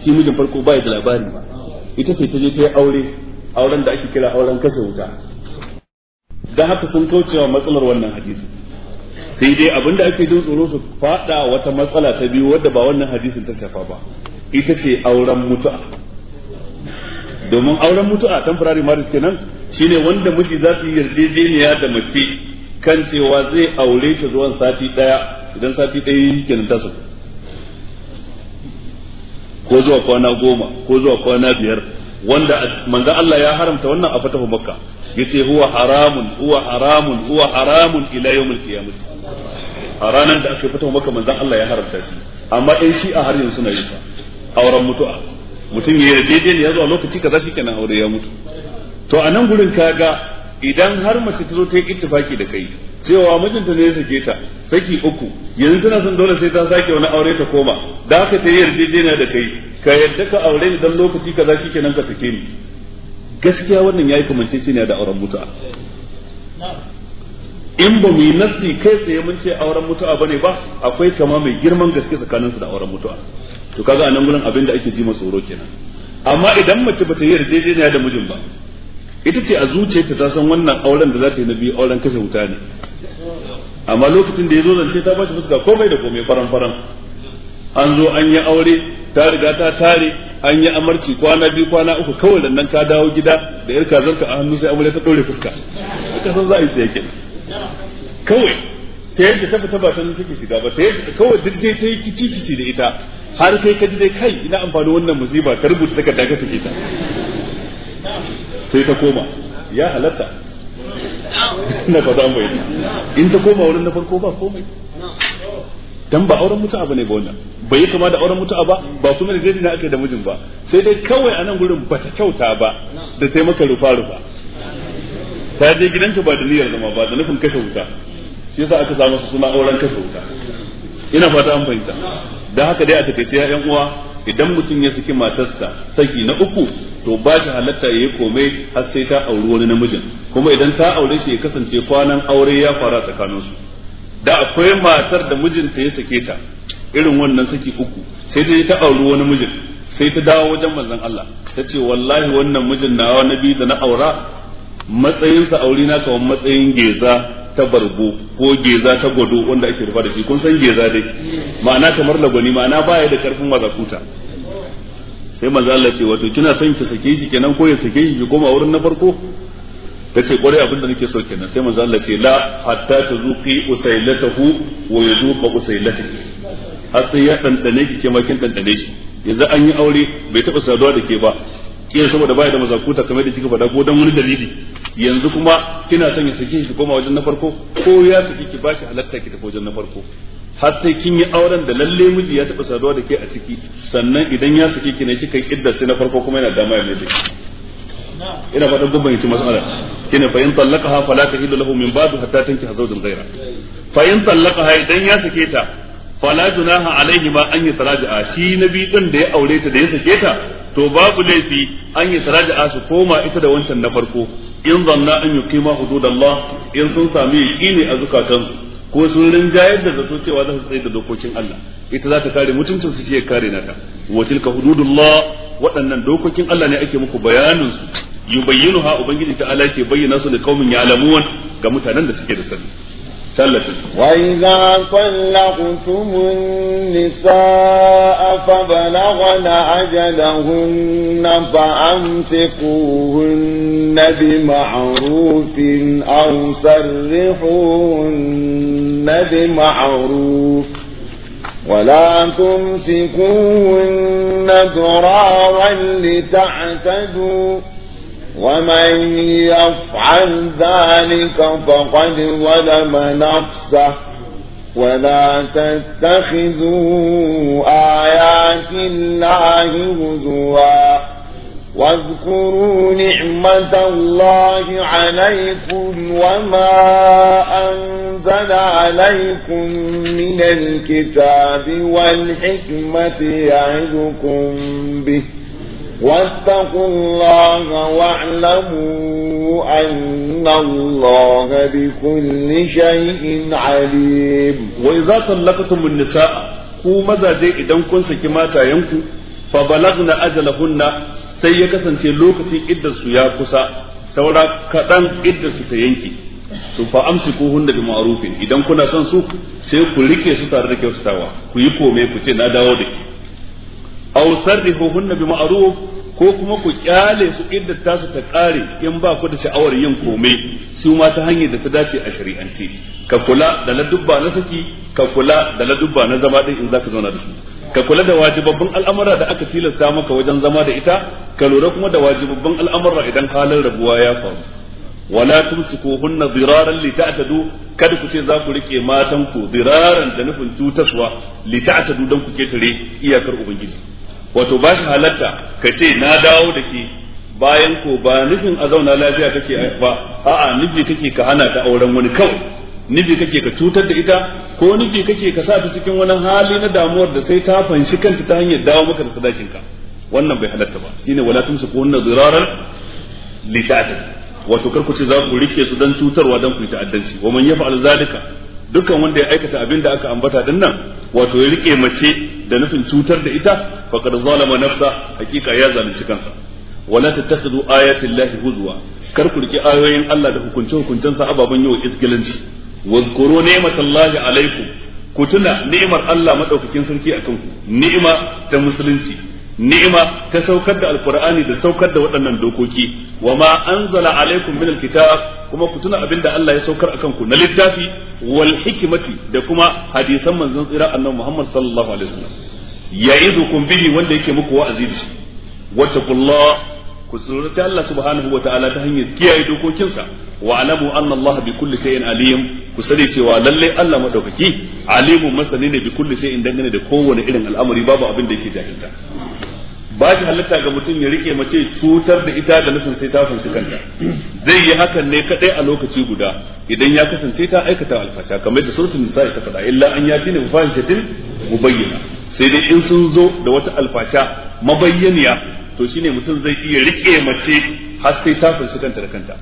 A: shi mijin farko bai da labari ba ita ce ta je ta yi aure auren da ake kira auren kashe wuta dan haka sun kaucewa matsalar wannan hadisi sai dai abinda ake jin tsoro su fada wata matsala ta biyu wadda ba wannan hadisin ta shafa ba ita ce auren mutu'a domin auren mutu'a temporary marriage kenan shine wanda miji za su yi yarjejeniya da mace kan cewa zai aure ta zuwan sati daya idan sati daya yi kenan ta ko zuwa kwana goma ko zuwa kwana biyar wanda manzo Allah ya haramta wannan a fatahu makka yace huwa haramun huwa haramun huwa haramun ila yawmil qiyamah a ranar da aka fatahu makka manzo Allah ya haramta shi amma in shi a har yanzu suna yi sa auren mutu'a mutum ya yarda ne ya zuwa lokaci kaza kenan aure ya mutu to a nan gurin kaga idan har mace ta zo ta yi ittifaki da kai cewa mijinta ne ya sake ta saki uku yanzu tana son dole sai ta sake wani aure ta koma da aka ta yi yarjejeniya da kai ka yarda ka aure ni dan lokaci kaza kenan ka sake ni gaskiya wannan yayi ne da auren mutu'a in ba mu yi kai tsaye mun ce auren mutu'a bane ba akwai kama mai girman gaske tsakaninsu da auren mutu'a to kaga anan gurin abin da ake ji masa tsoro kenan amma idan mace bata yi yarjejeniya da mijin ba ita ce a zuciyarta ta san wannan auren da za ta yi na biyu auren kashe wuta ne amma lokacin da ya zo zance ta bashi fuska komai da komai faran faran an zo an yi aure ta riga ta tare an yi amarci kwana biyu kwana uku kawai da nan ka dawo gida da yar kazarka a hannu sai aure ta dore fuska ka san za a yi sai kawai ta yadda ta fita ba ta take shiga ba ta yadda kawai duk dai ta yi kici kici da ita har sai ka ji dai kai ina amfani wannan musiba ta rubuta takarda ka sake ta sai ta koma ya halatta
C: na mu yi in ta koma wurin
A: na farko ba komai dan ba auren mutu'a bane ba wannan bai yi kama da auren mutu'a ba ba kuma da zai na aka da mijin ba sai dai kawai a nan gurin ta kyauta ba da sai maka rufa rufa ta je gidanta ba da niyyar zama ba da nufin kashe wuta shi yasa aka samu su suna auren kashe wuta ina fata an fahimta don haka dai a takaice ya yan uwa idan mutum ya saki matarsa saki na uku to ba shi halatta ya yi komai har sai ta auri wani namijin kuma idan ta aure shi ya kasance kwanan aure ya fara tsakanin su da akwai matar da mijinta ya sake ta irin wannan saki uku sai ta ta auri wani mijin sai ta dawo wajen manzon Allah ta ce wallahi wannan mijin nawa na biyu da na aura matsayinsa aure na kawai matsayin geza ta bargo ko geza ta gwado wanda ake rufa da shi kun san geza dai ma'ana kamar lagwani ma'ana baya da karfin mazakuta sai manzo Allah ce wato kina son ki sake shi kenan ko ya sake shi ki wurin na farko tace kware abin da nake so kenan sai manzo Allah ce la hatta tazuqi usailatahu wa yuzuqa usailataki har sai ya dandane ki kema kin dandane shi yanzu an yi aure bai taba saduwa da ke ba kiyar saboda baya da mazakuta kamar da kika faɗa ko dan wani dalili yanzu kuma kina son ya saki ki koma wajen na farko ko ya saki ki bashi halatta ki tafi wajen na farko har sai kin yi auren da lalle miji ya taɓa saduwa da ke a ciki sannan idan ya saki ki ne kika idda sai na farko kuma yana dama ya mai ina fatan kun yace mas'ala kina fa in tallaqaha fala tahillu lahu min ba'du hatta tanki zawjan ghaira fa in tallaqaha idan ya sake ta fala junaha alaihi ma an taraji'a shi nabi din da ya aure ta da ya sake ta to babu laifi an yi a su koma ita da wancan na farko in zanna an yuqima hududallah in sun sami yaqini a zukatansu ko sun rinjayar da zato cewa za su tsaye da dokokin Allah ita za ta kare mutuncin su shi ya kare nata wa tilka hududullah waɗannan dokokin Allah ne ake muku bayanin su yubayyinuha ubangiji ta ala ke bayyana su da ya ya'lamun ga mutanen da suke da sani
B: وإذا طلقتم النساء فبلغن أجلهن فأمسكوهن بمعروف أو سرحوهن بمعروف ولا تمسكوهن ضرارا لتعتدوا ومن يفعل ذلك فقد ظلم نفسه ولا تتخذوا آيات الله هزوا واذكروا نعمة الله عليكم وما أنزل عليكم من الكتاب والحكمة يعدكم به واتقوا الله واعلموا أن الله بكل شيء عليم وإذا طلقتم النساء ku mazaje
A: idan kun saki mata matayenku fa balagna ajalahunna sai ya kasance lokacin iddarsu ya kusa saura kaɗan iddarsu ta yanki amsi, fa amsikuhunna a ma'rufin idan kuna son su sai ku riƙe su tare da kyautatawa ku yi kome ku ce na dawo da ke aw sarrihuhunna bi ma'ruf ko kuma ku kyale su idda ta su ta kare in ba ku da sha'awar yin komai su ma ta hanyar da ta dace a shari'ance ka kula da ladubba na saki ka kula da ladubba na zama din in zaka zauna da su ka kula da wajibabban al'amura da aka tilasta maka wajen zama da ita ka lura kuma da wajibabban al'amura idan halin rabuwa ya faru wala tumsikuhunna diraran lita'tadu kada ku ce za ku rike matan ku diraran da nufin tutaswa lita'tadu dan ku ketare iyakar ubangiji wato ba shi halatta ka ce na dawo da ke bayan ko ba nufin a zauna lafiya kake ba a'a nufi kake ka hana ta auren wani kawai nufi kake ka cutar da ita ko nufi kake ka sa ta cikin wani hali na damuwar da sai ta fanshi kanta ta hanyar dawo maka da sadakin ka wannan bai halatta ba shine wala tumsiku wannan zirarar lita'atin wato kar ku ce za ku rike su dan cutarwa dan ku yi ta'addanci wa man yaf'al zalika dukkan wanda ya aikata abin da aka ambata dinnan wato ya rike mace da nufin cutar da ita faqad zalama nafsa hakika ya zalunci kansa wala tattakhidhu ayati llahi huzwa kar ku riki ayoyin Allah da hukunce hukuncen sa ababan yau isgilanci wadhkuru ni'matallahi alaikum ku tuna ni'imar Allah madaukakin sarki akan ku ni'ima ta musulunci ni'ima ta saukar da alkur'ani da saukar da waɗannan dokoki wa ma anzala alaikum min alkitab kuma ku tuna abinda Allah ya saukar akan ku na littafi wal da kuma hadisan manzon tsira annabi Muhammad sallallahu alaihi wasallam ya'idukum bihi wanda yake muku wa'azi da shi wattaqullah ku tsorata Allah subhanahu wa ta'ala ta hanyar kiyaye dokokinsa wa alamu anna Allah bi kulli shay'in alim ku sani cewa lalle Allah madaukaki alimun masani ne bi kulli shay'in dangane da kowane irin al'amari babu abin da yake jahilta ba shi halitta ga mutum ya rike mace cutar da ita da nufin sai ta kunshi kanta zai yi hakan ne kadai a lokaci guda idan ya kasance ta aikata alfasha kamar da suratul nisa ta faɗa illa an yati ne mu mubayyana sai dai in sun zo da wata alfasha mabayyaniya to shine mutum zai iya rike mace har sai ta kunshi kanta da kanta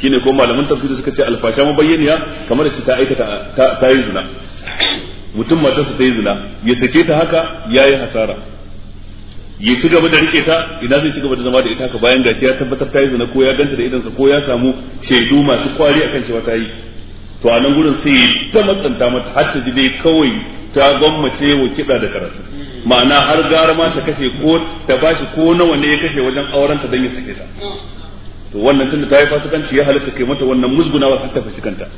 A: shine ko malaman tafsiri suka ce alfasha mabayyaniya kamar da ta aikata ta yi zina mutum matarsa ta yi zina ya sake ta haka yayi hasara ya ci gaba da riƙe ta idan zai ci gaba da zama da ita ka bayan gashi ya tabbatar ta yi zina ko ya ganta da idansa ko ya samu shaidu masu kwari akan cewa ta yi to a nan gurin sai ta matsanta mata har ta ji dai kawai ta gwammace wa kiɗa da karatu ma'ana har gara ma ta kashe ko ta bashi ko nawa ne ya kashe wajen aurenta don ya sake ta to wannan tunda ta yi fasikanci ya halitta kai mata wannan musgunawar har ta fashi kanta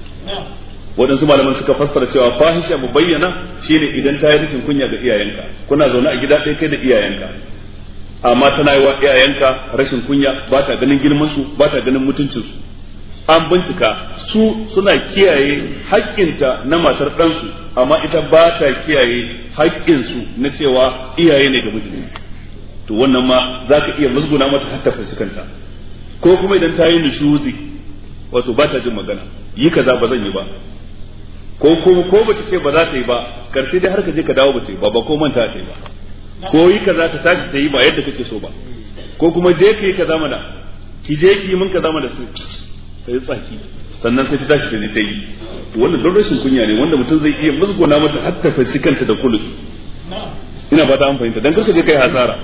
A: waɗansu malaman suka fassara cewa fahisha mu bayyana shine idan ta yi rashin kunya ga iyayenka kuna zaune a gida ɗaya kai da iyayenka amma tana yi wa iyayenka rashin kunya ba ta ganin girman su ba ta ganin mutuncinsu an bincika su suna kiyaye haƙƙinta na matar ɗansu amma ita ba ta kiyaye haƙƙinsu na cewa iyaye ne ga mijin to wannan ma za ka iya musguna mata har ta kanta ko kuma idan ta yi nishuzi wato ba ta jin magana yi kaza ba zan yi ba ko kuma ko bace ce ba za ta yi ba karshe dai har ka je ka dawo bace ba ba ko manta ta yi ba ko yi kaza ta tashi ta yi ba yadda kake so ba ko kuma je ka yi kaza mana ki je ki mun kaza mana su ta yi tsaki sannan sai ta tashi ta je ta yi wannan don rashin kunya ne wanda mutum zai iya musguna mata har ta fashi kanta da kullu ina fata an fahimta dan karka je kai hasara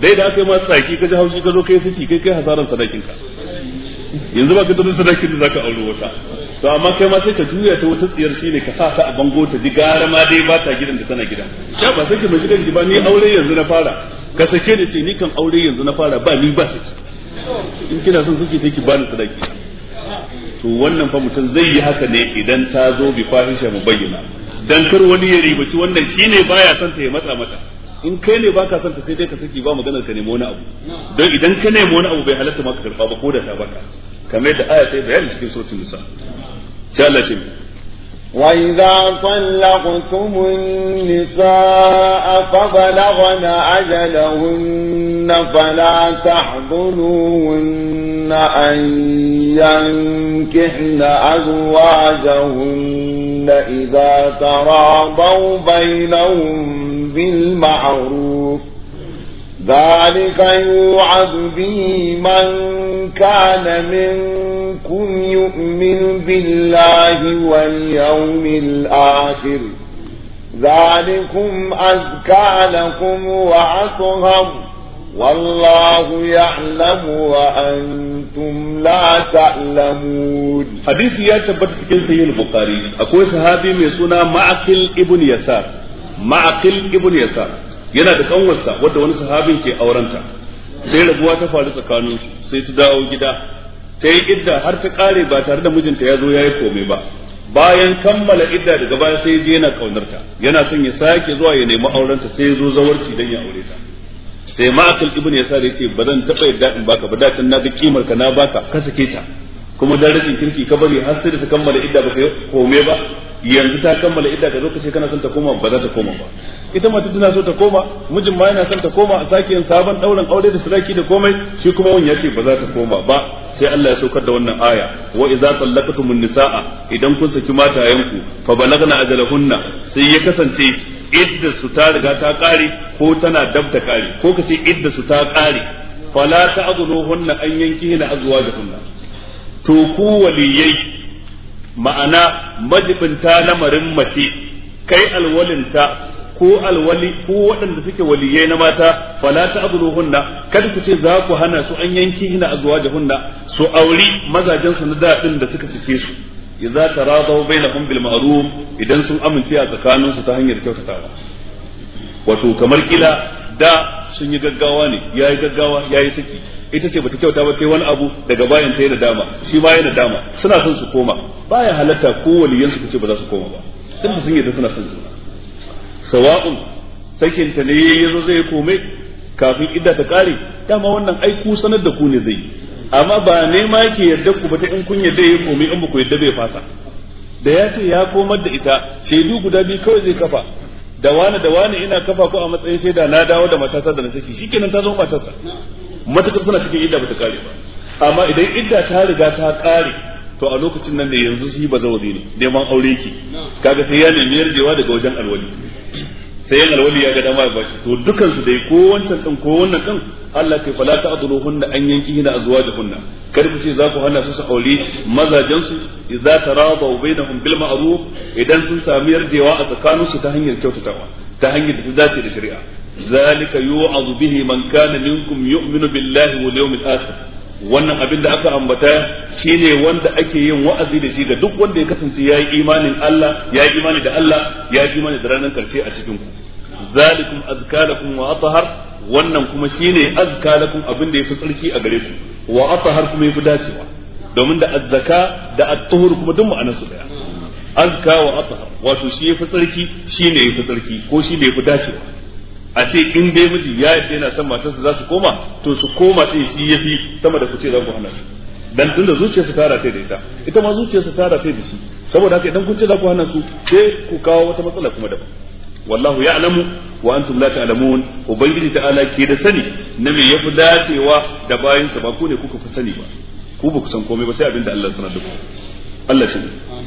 A: dai da kai ma tsaki ka ji haushi ka zo kai saki kai kai hasaran sadakin ka yanzu ba ka da sadakin da zaka auri wata to amma kai ma sai ka juya ta wata tsiyar ne ka sa ta a bango ta ji gara ma dai ba ta gidan da tana gida ya ba sai ki mai gidan ba ni aure yanzu na fara ka sake ni ce ni kan aure yanzu na fara ba ni ba saki in kina son suke sai ki bani sadaki to wannan fa mutum zai yi haka ne idan ta zo bi fahisha mu bayyana dan kar wani ya ribaci wannan shine baya son ta ya matsa mata in kai ne baka son ta sai dai ka saki ba maganar ka nemi wani abu
C: don idan ka nemi
A: wani abu bai halatta maka ka karba ba ko da ta baka kamar da aya ta bayani cikin suratul nisa sai Allah shi
B: وإذا طلقتم النساء فبلغن أجلهن فلا تحضروهن أن ينكحن أزواجهن إذا تراضوا بينهم بالمعروف ذلك يوعد به من كان منكم يؤمن بالله واليوم الآخر ذلكم أزكى لكم وأطهر والله يعلم وأنتم لا تعلمون حديث يا تبت سكين
A: سيد البخاري أكو صحابي ميسونا معقل ابن يسار معقل ابن يسار yana da kanwarsa wadda wani sahabin ke aurenta sai rabuwa ta faru tsakanin tsakaninsu sai ta dawo gida ta yi idda har ta kare ba tare da mijinta ya zo ya yi komai ba bayan kammala idda daga baya sai je yana kaunarta yana son ya sake zuwa ya nemi aurenta sai ya zo zawarci don ya aure ta sai ma'akal ibn yasar da ce ba zan taɓa yadda in baka ba dacin na ga kimar ka na baka ka sake ta kuma dan rashin kirki ka bari har sai da ta kammala idda ba kome ba yanzu ta kammala idda ka zo ka ce kana son ta koma ba za ta koma ba ita mace tana so ta koma mijin ma yana son ta koma a sake yin sabon dauran aure da sadaki da komai shi kuma wani ya ce ba za ta koma ba sai Allah ya saukar da wannan aya wa idza tallaqtumun nisaa idan kun saki matayenku fa balagna ajalahunna sai ya kasance idda su ta riga ta kare ko tana dab da kare ko kace idda su ta kare fala hunna an da hunna. to ku waliyai ma'ana majibinta lamarin mace kai alwalinta ko alwali ko waɗanda suke waliyai na mata fala hunna kada ku ce za ku hana su an da hunna su auri mazajen su na dadin da suka suke su idza taradaw bainahum bil ma'ruf idan sun amince a tsakanin su ta hanyar kyautatawa wato kamar kila da sun yi gaggawa ne yayi gaggawa yayi saki ita ce bata kyauta ba sai wani abu daga bayan ta da dama shi ma yana dama suna son su koma baya halatta ko waliyan su kace ba za su koma ba tunda sun da suna son su. sawa'un ta ne zo zai kome kafin idda ta kare dama wannan ai ku sanar da ku ne zai yi amma ba nema yake yadda ku ba ta in kun yadda ya komi in ba ku yadda bai fasa da ya ce ya komar da ita shaidu guda biyu kawai zai kafa da wani da wani ina kafa ko a matsayin shaida na dawo da matata da na saki shikenan ta zo matarsa matakar suna cikin idda ba ta kare ba amma idan idda ta riga ta kare to a lokacin nan da yanzu shi ba zaure ne neman aure ki kaga sai ya nemi yarjewa daga wajen alwali sai yan alwali ya ga dama ya bashi to dukan su dai ko wancan din ko wannan din Allah ce fala ta'dhuluhunna an yankihina azwajuhunna kar ku ce za ku hana su su aure mazajen su idza taradaw bainahum bil ma'ruf idan sun sami yarjewa a tsakanin su ta hanyar kyautatawa ta hanyar da ta dace da shari'a zalika yu'adhu bihi man kana minkum yu'minu billahi wal yawmil akhir wannan abin da aka ambata shine wanda ake yin wa'azi da shi ga duk wanda ya kasance ya yi imanin Allah ya yi imani da Allah ya yi imani da ranar karshe a cikin ku zalikum azkalakum wa athhar wannan kuma shine azkalakum abin da yafi tsarki a gare ku wa athhar kuma yafi dacewa domin da azzaka da at-tuhur kuma duk ma'anar su daya azka wa athhar wato shi yafi tsarki shine yafi tsarki ko shine yafi dacewa a ce in dai miji ya yi yana son matarsa za su koma to su koma ɗin shi ya fi sama da kuce za ku hana su dan tunda zuciyarsa ta rata da ita ita ma zuciyarsa ta rata da shi saboda haka idan kun ce za ku hana su sai ku kawo wata matsala kuma daban wallahu ya'lamu wa antum la ta'lamun ubangiji ta'ala ke da sani na me yafi dacewa da bayinsa ba ku ne kuka fi sani
B: ba ku
A: ba ku san komai ba sai abinda Allah sanar da ku Allah shi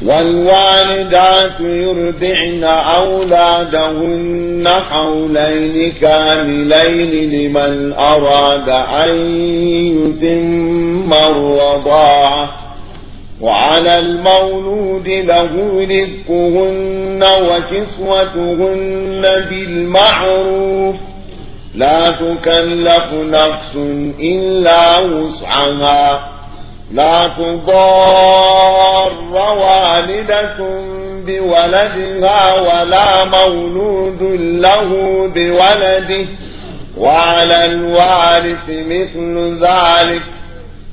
B: والوالدات يرضعن أولادهن حولين كاملين لمن أراد أن يتم الرضاعة وعلى المولود له رزقهن وكسوتهن بالمعروف لا تكلف نفس إلا وسعها لا تضار والدة بولدها ولا مولود له بولده وعلى الوارث مثل ذلك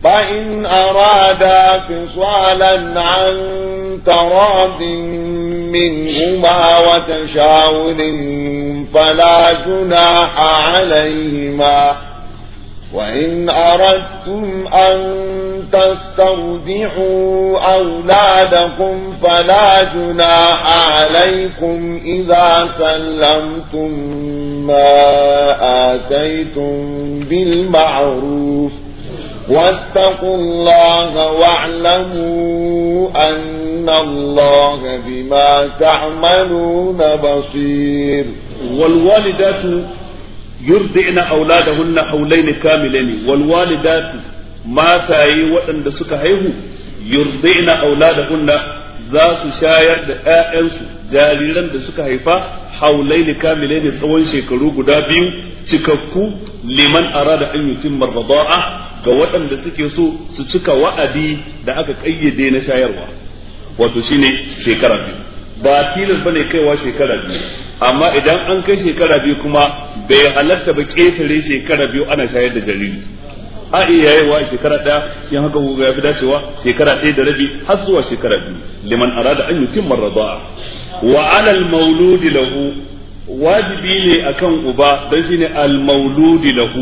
B: فإن أرادا فصالا عن تراض منهما وتشاور فلا جناح عليهما وإن أردتم أن تستودعوا أولادكم فلا جناح عليكم إذا سلمتم ما آتيتم بالمعروف واتقوا الله واعلموا أن الله بما تعملون بصير
A: والوالدات yurdina auladahunna haulaini kamilaini wal walidatu mataye waɗanda suka haihu yurdina auladahunna za su shayar da ƴaƴansu jariran da suka haifa haulaini kamilaini tsawon shekaru guda biyu cikakku liman arada an yutimma rida'a ga waɗanda suke so su cika wa'adi da aka kayyade na shayarwa wato shine shekara biyu ba tilas bane kaiwa shekara biyu amma idan an kai shekara biyu kuma bai halatta ba ketare shekara biyu ana shayar da jariri a iya yayewa shekara ɗaya Yan haka ya fi dacewa shekara ɗaya da rabi har zuwa shekara biyu liman arada an timmar radaa wa alal mauludi lahu wajibi ne akan uba dan shine al mauludi lahu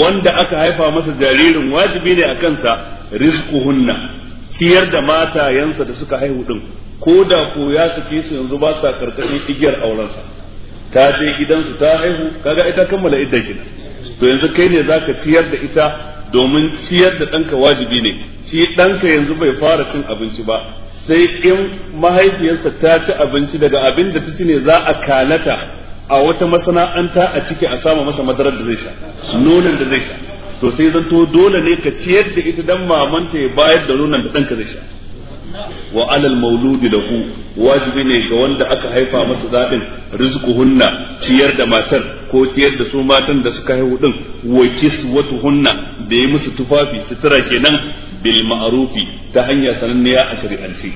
A: wanda aka haifa masa jaririn wajibi ne akan sa rizquhunna ciyar da matayensa da suka haihu din ko da ko ya sake su yanzu ba sa karkashin igiyar aurensa ta je gidansu ta haihu kaga ita kammala idda gina to yanzu kai ne zaka ciyar da ita domin ciyar da danka wajibi ne shi ɗanka yanzu bai fara cin abinci ba sai in mahaifiyarsa ta ci abinci daga abin da ta ci ne za a kanata a wata masana'anta a ciki a sama masa madarar da zai sha nonon da zai sha to sai zanto dole ne ka ciyar da ita dan mamanta ya bayar da nonon da danka zai sha wa alal mauludi lahu wajibi ne ga wanda aka haifa masa zaɓin hunna ciyar da matar ko ciyar da su matan da suka haihu din wa hunna da yi musu tufafi sutura kenan bil ma'rufi ta hanya sananniya a shari'ance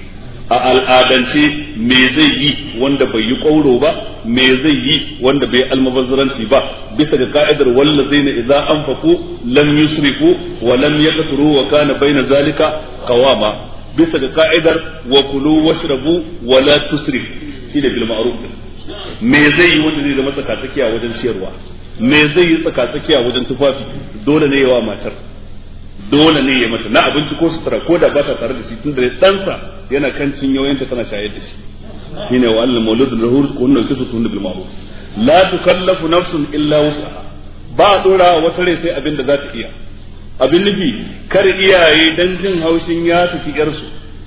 A: a al'adance me zai yi wanda bai yi ƙauro ba me zai yi wanda bai almabazzaranci ba bisa ga ka'idar wallazina idza anfaqu lam yusrifu wa lam yaqtaru wa kana baina zalika qawama bisa ga ka'idar wa kulu washrabu wa la shi da bil ma'ruf me zai yi wanda zai zama tsakatsakiya wajen ciyarwa me zai yi tsakatsakiya wajen tufafi dole ne yawa matar dole ne ya mata na abinci ko sutura ko da ba ta tare da shi tun da ɗansa yana kan cinyoyinta tana shayar da shi shine wa annal mawludun lahur kunna da bil ma'ruf la tukallafu nafsun illa wus'aha ba dora wata rai sai abin da za ta iya abin nufi kar iyaye dan jin haushin ya saki yarsu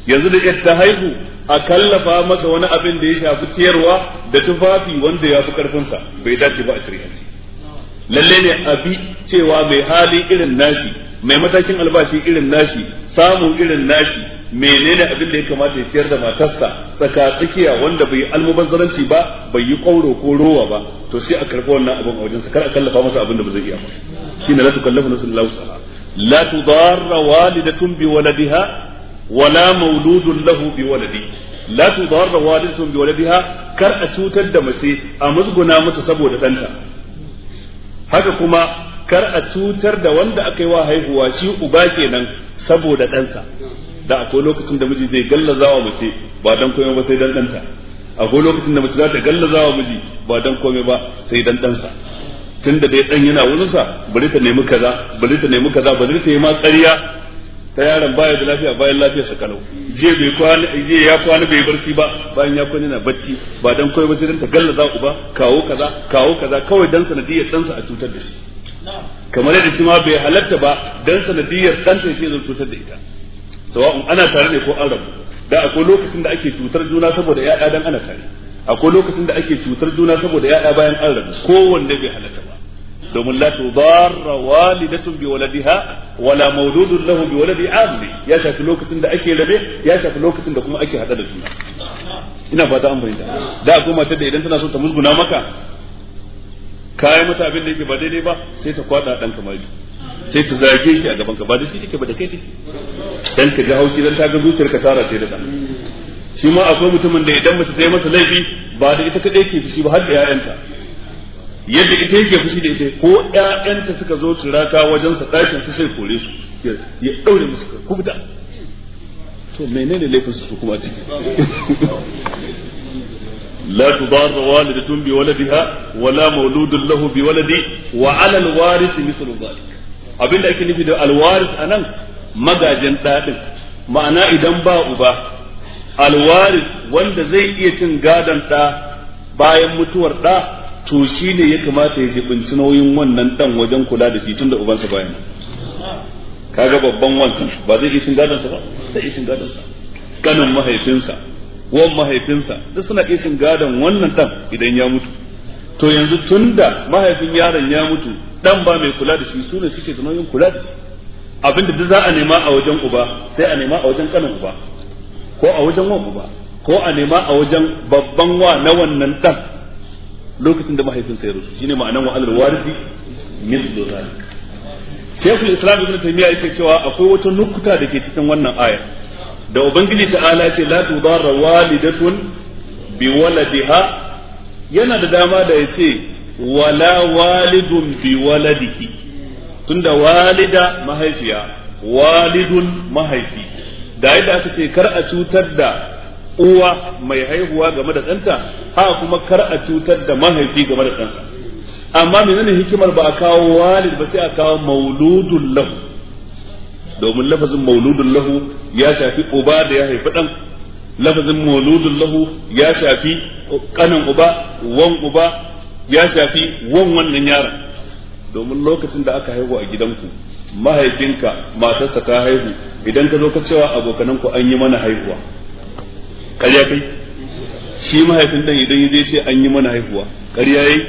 A: yanzu da ta haihu a kallafa masa wani abin da ya shafi ciyarwa da tufafi wanda ya fi karfinsa bai dace ba a shari'ance lalle ne abi cewa mai hali irin nashi mai matakin albashi irin nashi samun irin nashi menene abin da ya kamata ya ciyar da matarsa tsaka tsakiya wanda bai almubazzaranci ba bai yi kwauro ko rowa ba to sai a karɓi wannan abin a wajensa kar a kallafa masa abin da ba zai iya ba shine la tukallafu nafsun illa لا تضار والدة bi ولا wala له lahu bi تضار والدة بولدها كر bi waladiha kar a cutar da mace a saboda haka kuma kar a cutar da wanda aka yi wa haihuwa shi uba kenan saboda ɗansa da akwai lokacin da miji zai gallaza wa mace ba dan komai ba sai dan ɗanta akwai lokacin da mace za ta gallaza wa miji ba dan komai ba sai dan ɗansa tun da dai dan yana wurinsa bari ta nemi kaza bari ta nemi kaza bari ta yi ma tsariya ta yaron baya da lafiya bayan lafiya sa kalau je bai kwana je ya kwana bai barci ba bayan ya kwana yana bacci ba dan koyi ba sai dan ta gallaza uba kawo kaza kawo kaza kawai dan sanadiyar dansa a cutar da shi
C: kamar yadda shi ma bai halatta
A: ba dan sanadiyar ya ce zai cutar da ita sawa'un ana tare ne ko an rabu da akwai lokacin da ake cutar juna saboda ya'ya dan ana tare akwai lokacin da ake cutar juna saboda ya'ya bayan an rabu kowanne bai halatta ba domin la tudarra walidatun bi waladiha wala mauludun lahu bi waladi amli ya shafi lokacin da ake rabe ya shafi lokacin da kuma ake hada da juna ina fata an bayyana da akwai matar da idan tana so ta musguna maka kayan mata abin da yake ba daidai ba sai ta kwada dan kamari sai ta zage shi a gaban ka ba da shi take ba da kai take dan ka ga haushi dan ta ga zuciyarka tara sai da shi ma akwai mutumin da idan mace ta yi masa laifi ba da ita kadai ke fushi ba har da 'ya'yanta yadda ita yake fushi da ita ko ƴaƴanta suka zo turaka wajen sa ɗakin su sai kore su ya daure musu ka kubuta. to menene laifin su kuma ciki لا تضار والدة بولدها ولا مولود له بولد وعلى الوارث مثل ذلك abin da ake nufi da alwaris a nan magajin ɗaɗin ma'ana idan ba uba alwaris wanda zai iya cin gadon ɗa bayan mutuwar ɗa to shi ne ya kamata ya jibinci nauyin wannan dan wajen kula da shi tun da ubansa bayan kaga babban wansa ba zai yi cin gadonsa ba zai yi cin gadonsa kanin mahaifinsa wan mahaifinsa duk suna iya cin gadon wannan dan idan ya mutu to yanzu tun da mahaifin yaron ya mutu dan ba mai kula da shi su ne suke da nauyin kula da shi abinda duk za a nema a wajen uba sai a nema a wajen kanin uba ko a wajen wan uba ko a nema a wajen babban wa na wannan dan lokacin da mahaifinsa ya rusu shine ma'anan alal warisi mithlu zalik al islam ibn Taymiyyah yake cewa akwai wata nukuta da ke cikin wannan aya da ubangiji ta'ala ce la tudarra walidatun bi waladiha yana da dama da yace wala walidun bi waladihi tunda walida mahaifiya walidun mahaifi da yadda aka ce kar a cutar da uwa mai haihuwa game da ɗanta ha kuma kar a cutar da mahaifi game da ɗansa amma menene hikimar ba a kawo walid ba sai a kawo mauludun lahu domin lafazin mauludun lahu ya shafi uba da ya haifi ɗan lafazin mauludun lahu ya shafi kanan uba wan uba ya shafi wan wannan yaron domin lokacin da aka haihu a gidanku mahaifinka matarsa ta haihu idan ka zo ka cewa abokananku an yi mana haihuwa ƙarya kai shi mahaifin dan idan ya je ce an yi mana haihuwa ƙarya yi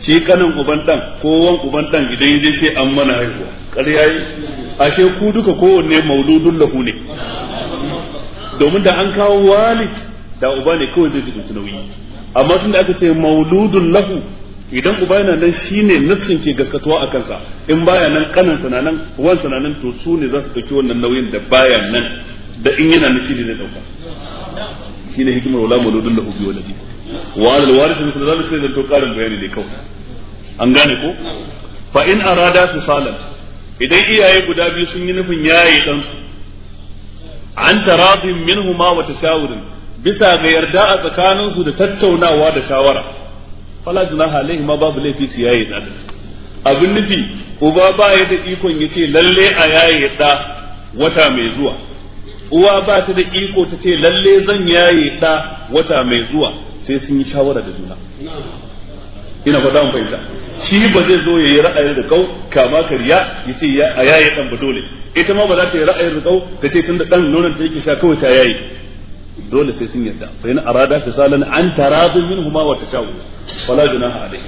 A: shi kanin uban dan ko wan uban dan idan ya je ce an mana haihuwa ƙarya yayi ashe ku duka kowanne mauludun lahu ne domin da an kawo walid da uba ne kawai zai jikunci nauyi amma tun da aka ce mauludun lahu idan uba yana nan shine nassin ke gaskatuwa a kansa in baya nan kanan sananan nan wan sananan nan to su ne za su ɗauki wannan nauyin da baya nan da in yana nan ne zai ɗauka ne hikimar wala mauludun da bi waladi wa alal waris misal zalika sai dan to karin bayani ne kawai an gane ko fa in arada fisalan idan iyaye guda biyu sun yi nufin yaye ɗansu. an tarafin minhuma wa tashawurin bisa ga yarda a tsakaninsu da tattaunawa da shawara fala junaha alaihi ma babu laifi su yaye dan abin nufi uba ba ya da ikon ya ce lalle a yaye da wata mai zuwa uwa ba ta da iko ta ce lalle zan yaye da wata mai zuwa sai sun yi shawara da juna ina da mun fahimta shi ba zai zo yayi ra'ayin da kau kama kariya yace ya a yaye dan ba dole ita ma ba za ta yi ra'ayin da kau ta ce tunda dan nonon ta yake sha kawai ta yaye dole sai sun yarda fa ina arada fisalan an min huma wa tashawu fala junaha alayhi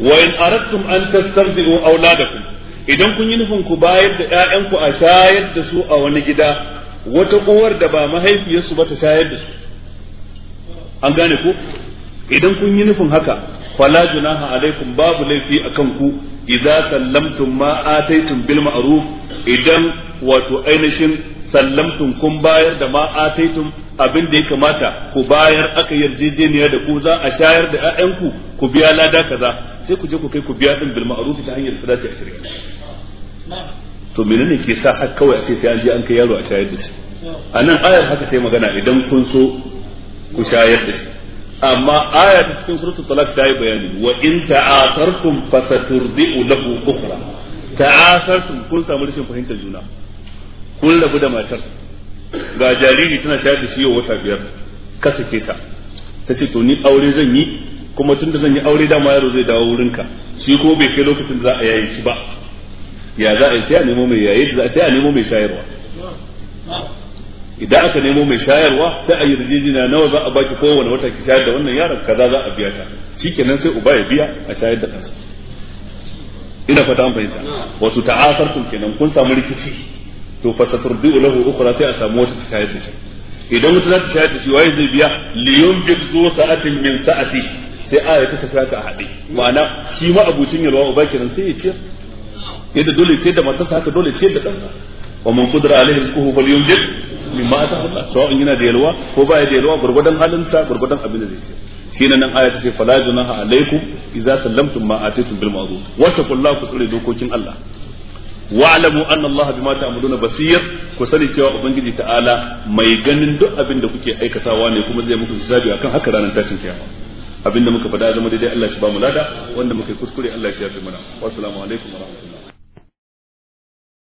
A: wa in aradtum an tastardu auladakum idan kun yi nufin ku bayar da ƴaƴanku a shayar da su a wani gida wata uwar da ba mahaifiyarsu ba ta shayar da su an gane ku idan kun yi nufin haka fala junaha alaikum babu laifi akan ku idza sallamtum ma ataitum bil ma'ruf idan wato ainihin sallamtum kun bayar da ma ataitum abin da ya kamata ku bayar aka yarjejeniya da ku za a shayar da 'ya'yanku ku biya lada kaza sai ku je ku kai ku biya din bil ma'ruf ta hanyar da dace to menene ke sa har kawai a ce sai an je an kai yaro a shayar da shi a nan ayar haka ta yi magana idan kun so ku shayar da shi amma aya ta cikin suratul talak ta yi bayani wa in ta'asartum fasaturdi'u lahu ukhra ta'asartum kun samu rashin fahimtar juna kun rabu da matar ga jariri tana shayar da shi yau wata biyar ka sake ta ta ce to ni aure zan yi kuma tunda zan yi aure dama yaro zai dawo wurinka shi ko bai kai lokacin da za a yayi shi ba ya za a yi sai a nemo mai yayi sai a nemo mai shayarwa idan aka nemo mai shayarwa sai a yi rijijina nawa za a baki kowane wata ki shayar da wannan yaron kaza za a biya ta shikenan sai uba ya biya a shayar da kansa ina fata an fahimta wato ta'asartum kenan kun samu rikici to fasaturdu lahu ukhra sai a samu wata ki shayar da shi idan wata za ta shayar da shi waye zai biya liyun bi zu sa'atin min sa'ati sai aya ta tafi haka a haɗe ma'ana shi ma abucin yalwa uba kenan sai ya ciyar yadda dole ce da matarsa haka dole ce da ɗansa wa man qudira alaihi rizquhu falyunfiq mimma atahu Allah sawa'un yana da yalwa ko baya da yalwa gurgudan halinsa gurgudan abin da zai ce shine nan aya tace fala junaha alaikum idza sallamtum ma atitum bil ma'ruf wa taqullaha ku tsare dokokin Allah wa'lamu anna Allah bima ta'maluna basir ku sani cewa ubangiji ta'ala mai ganin duk abin da kuke aikatawa ne kuma zai muku hisabi akan haka ranar tashin kiyama abinda muka faɗa zama daidai Allah shi ba mu lada wanda muka yi kuskure Allah shi ya fi mana wassalamu alaikum wa rahmatullahi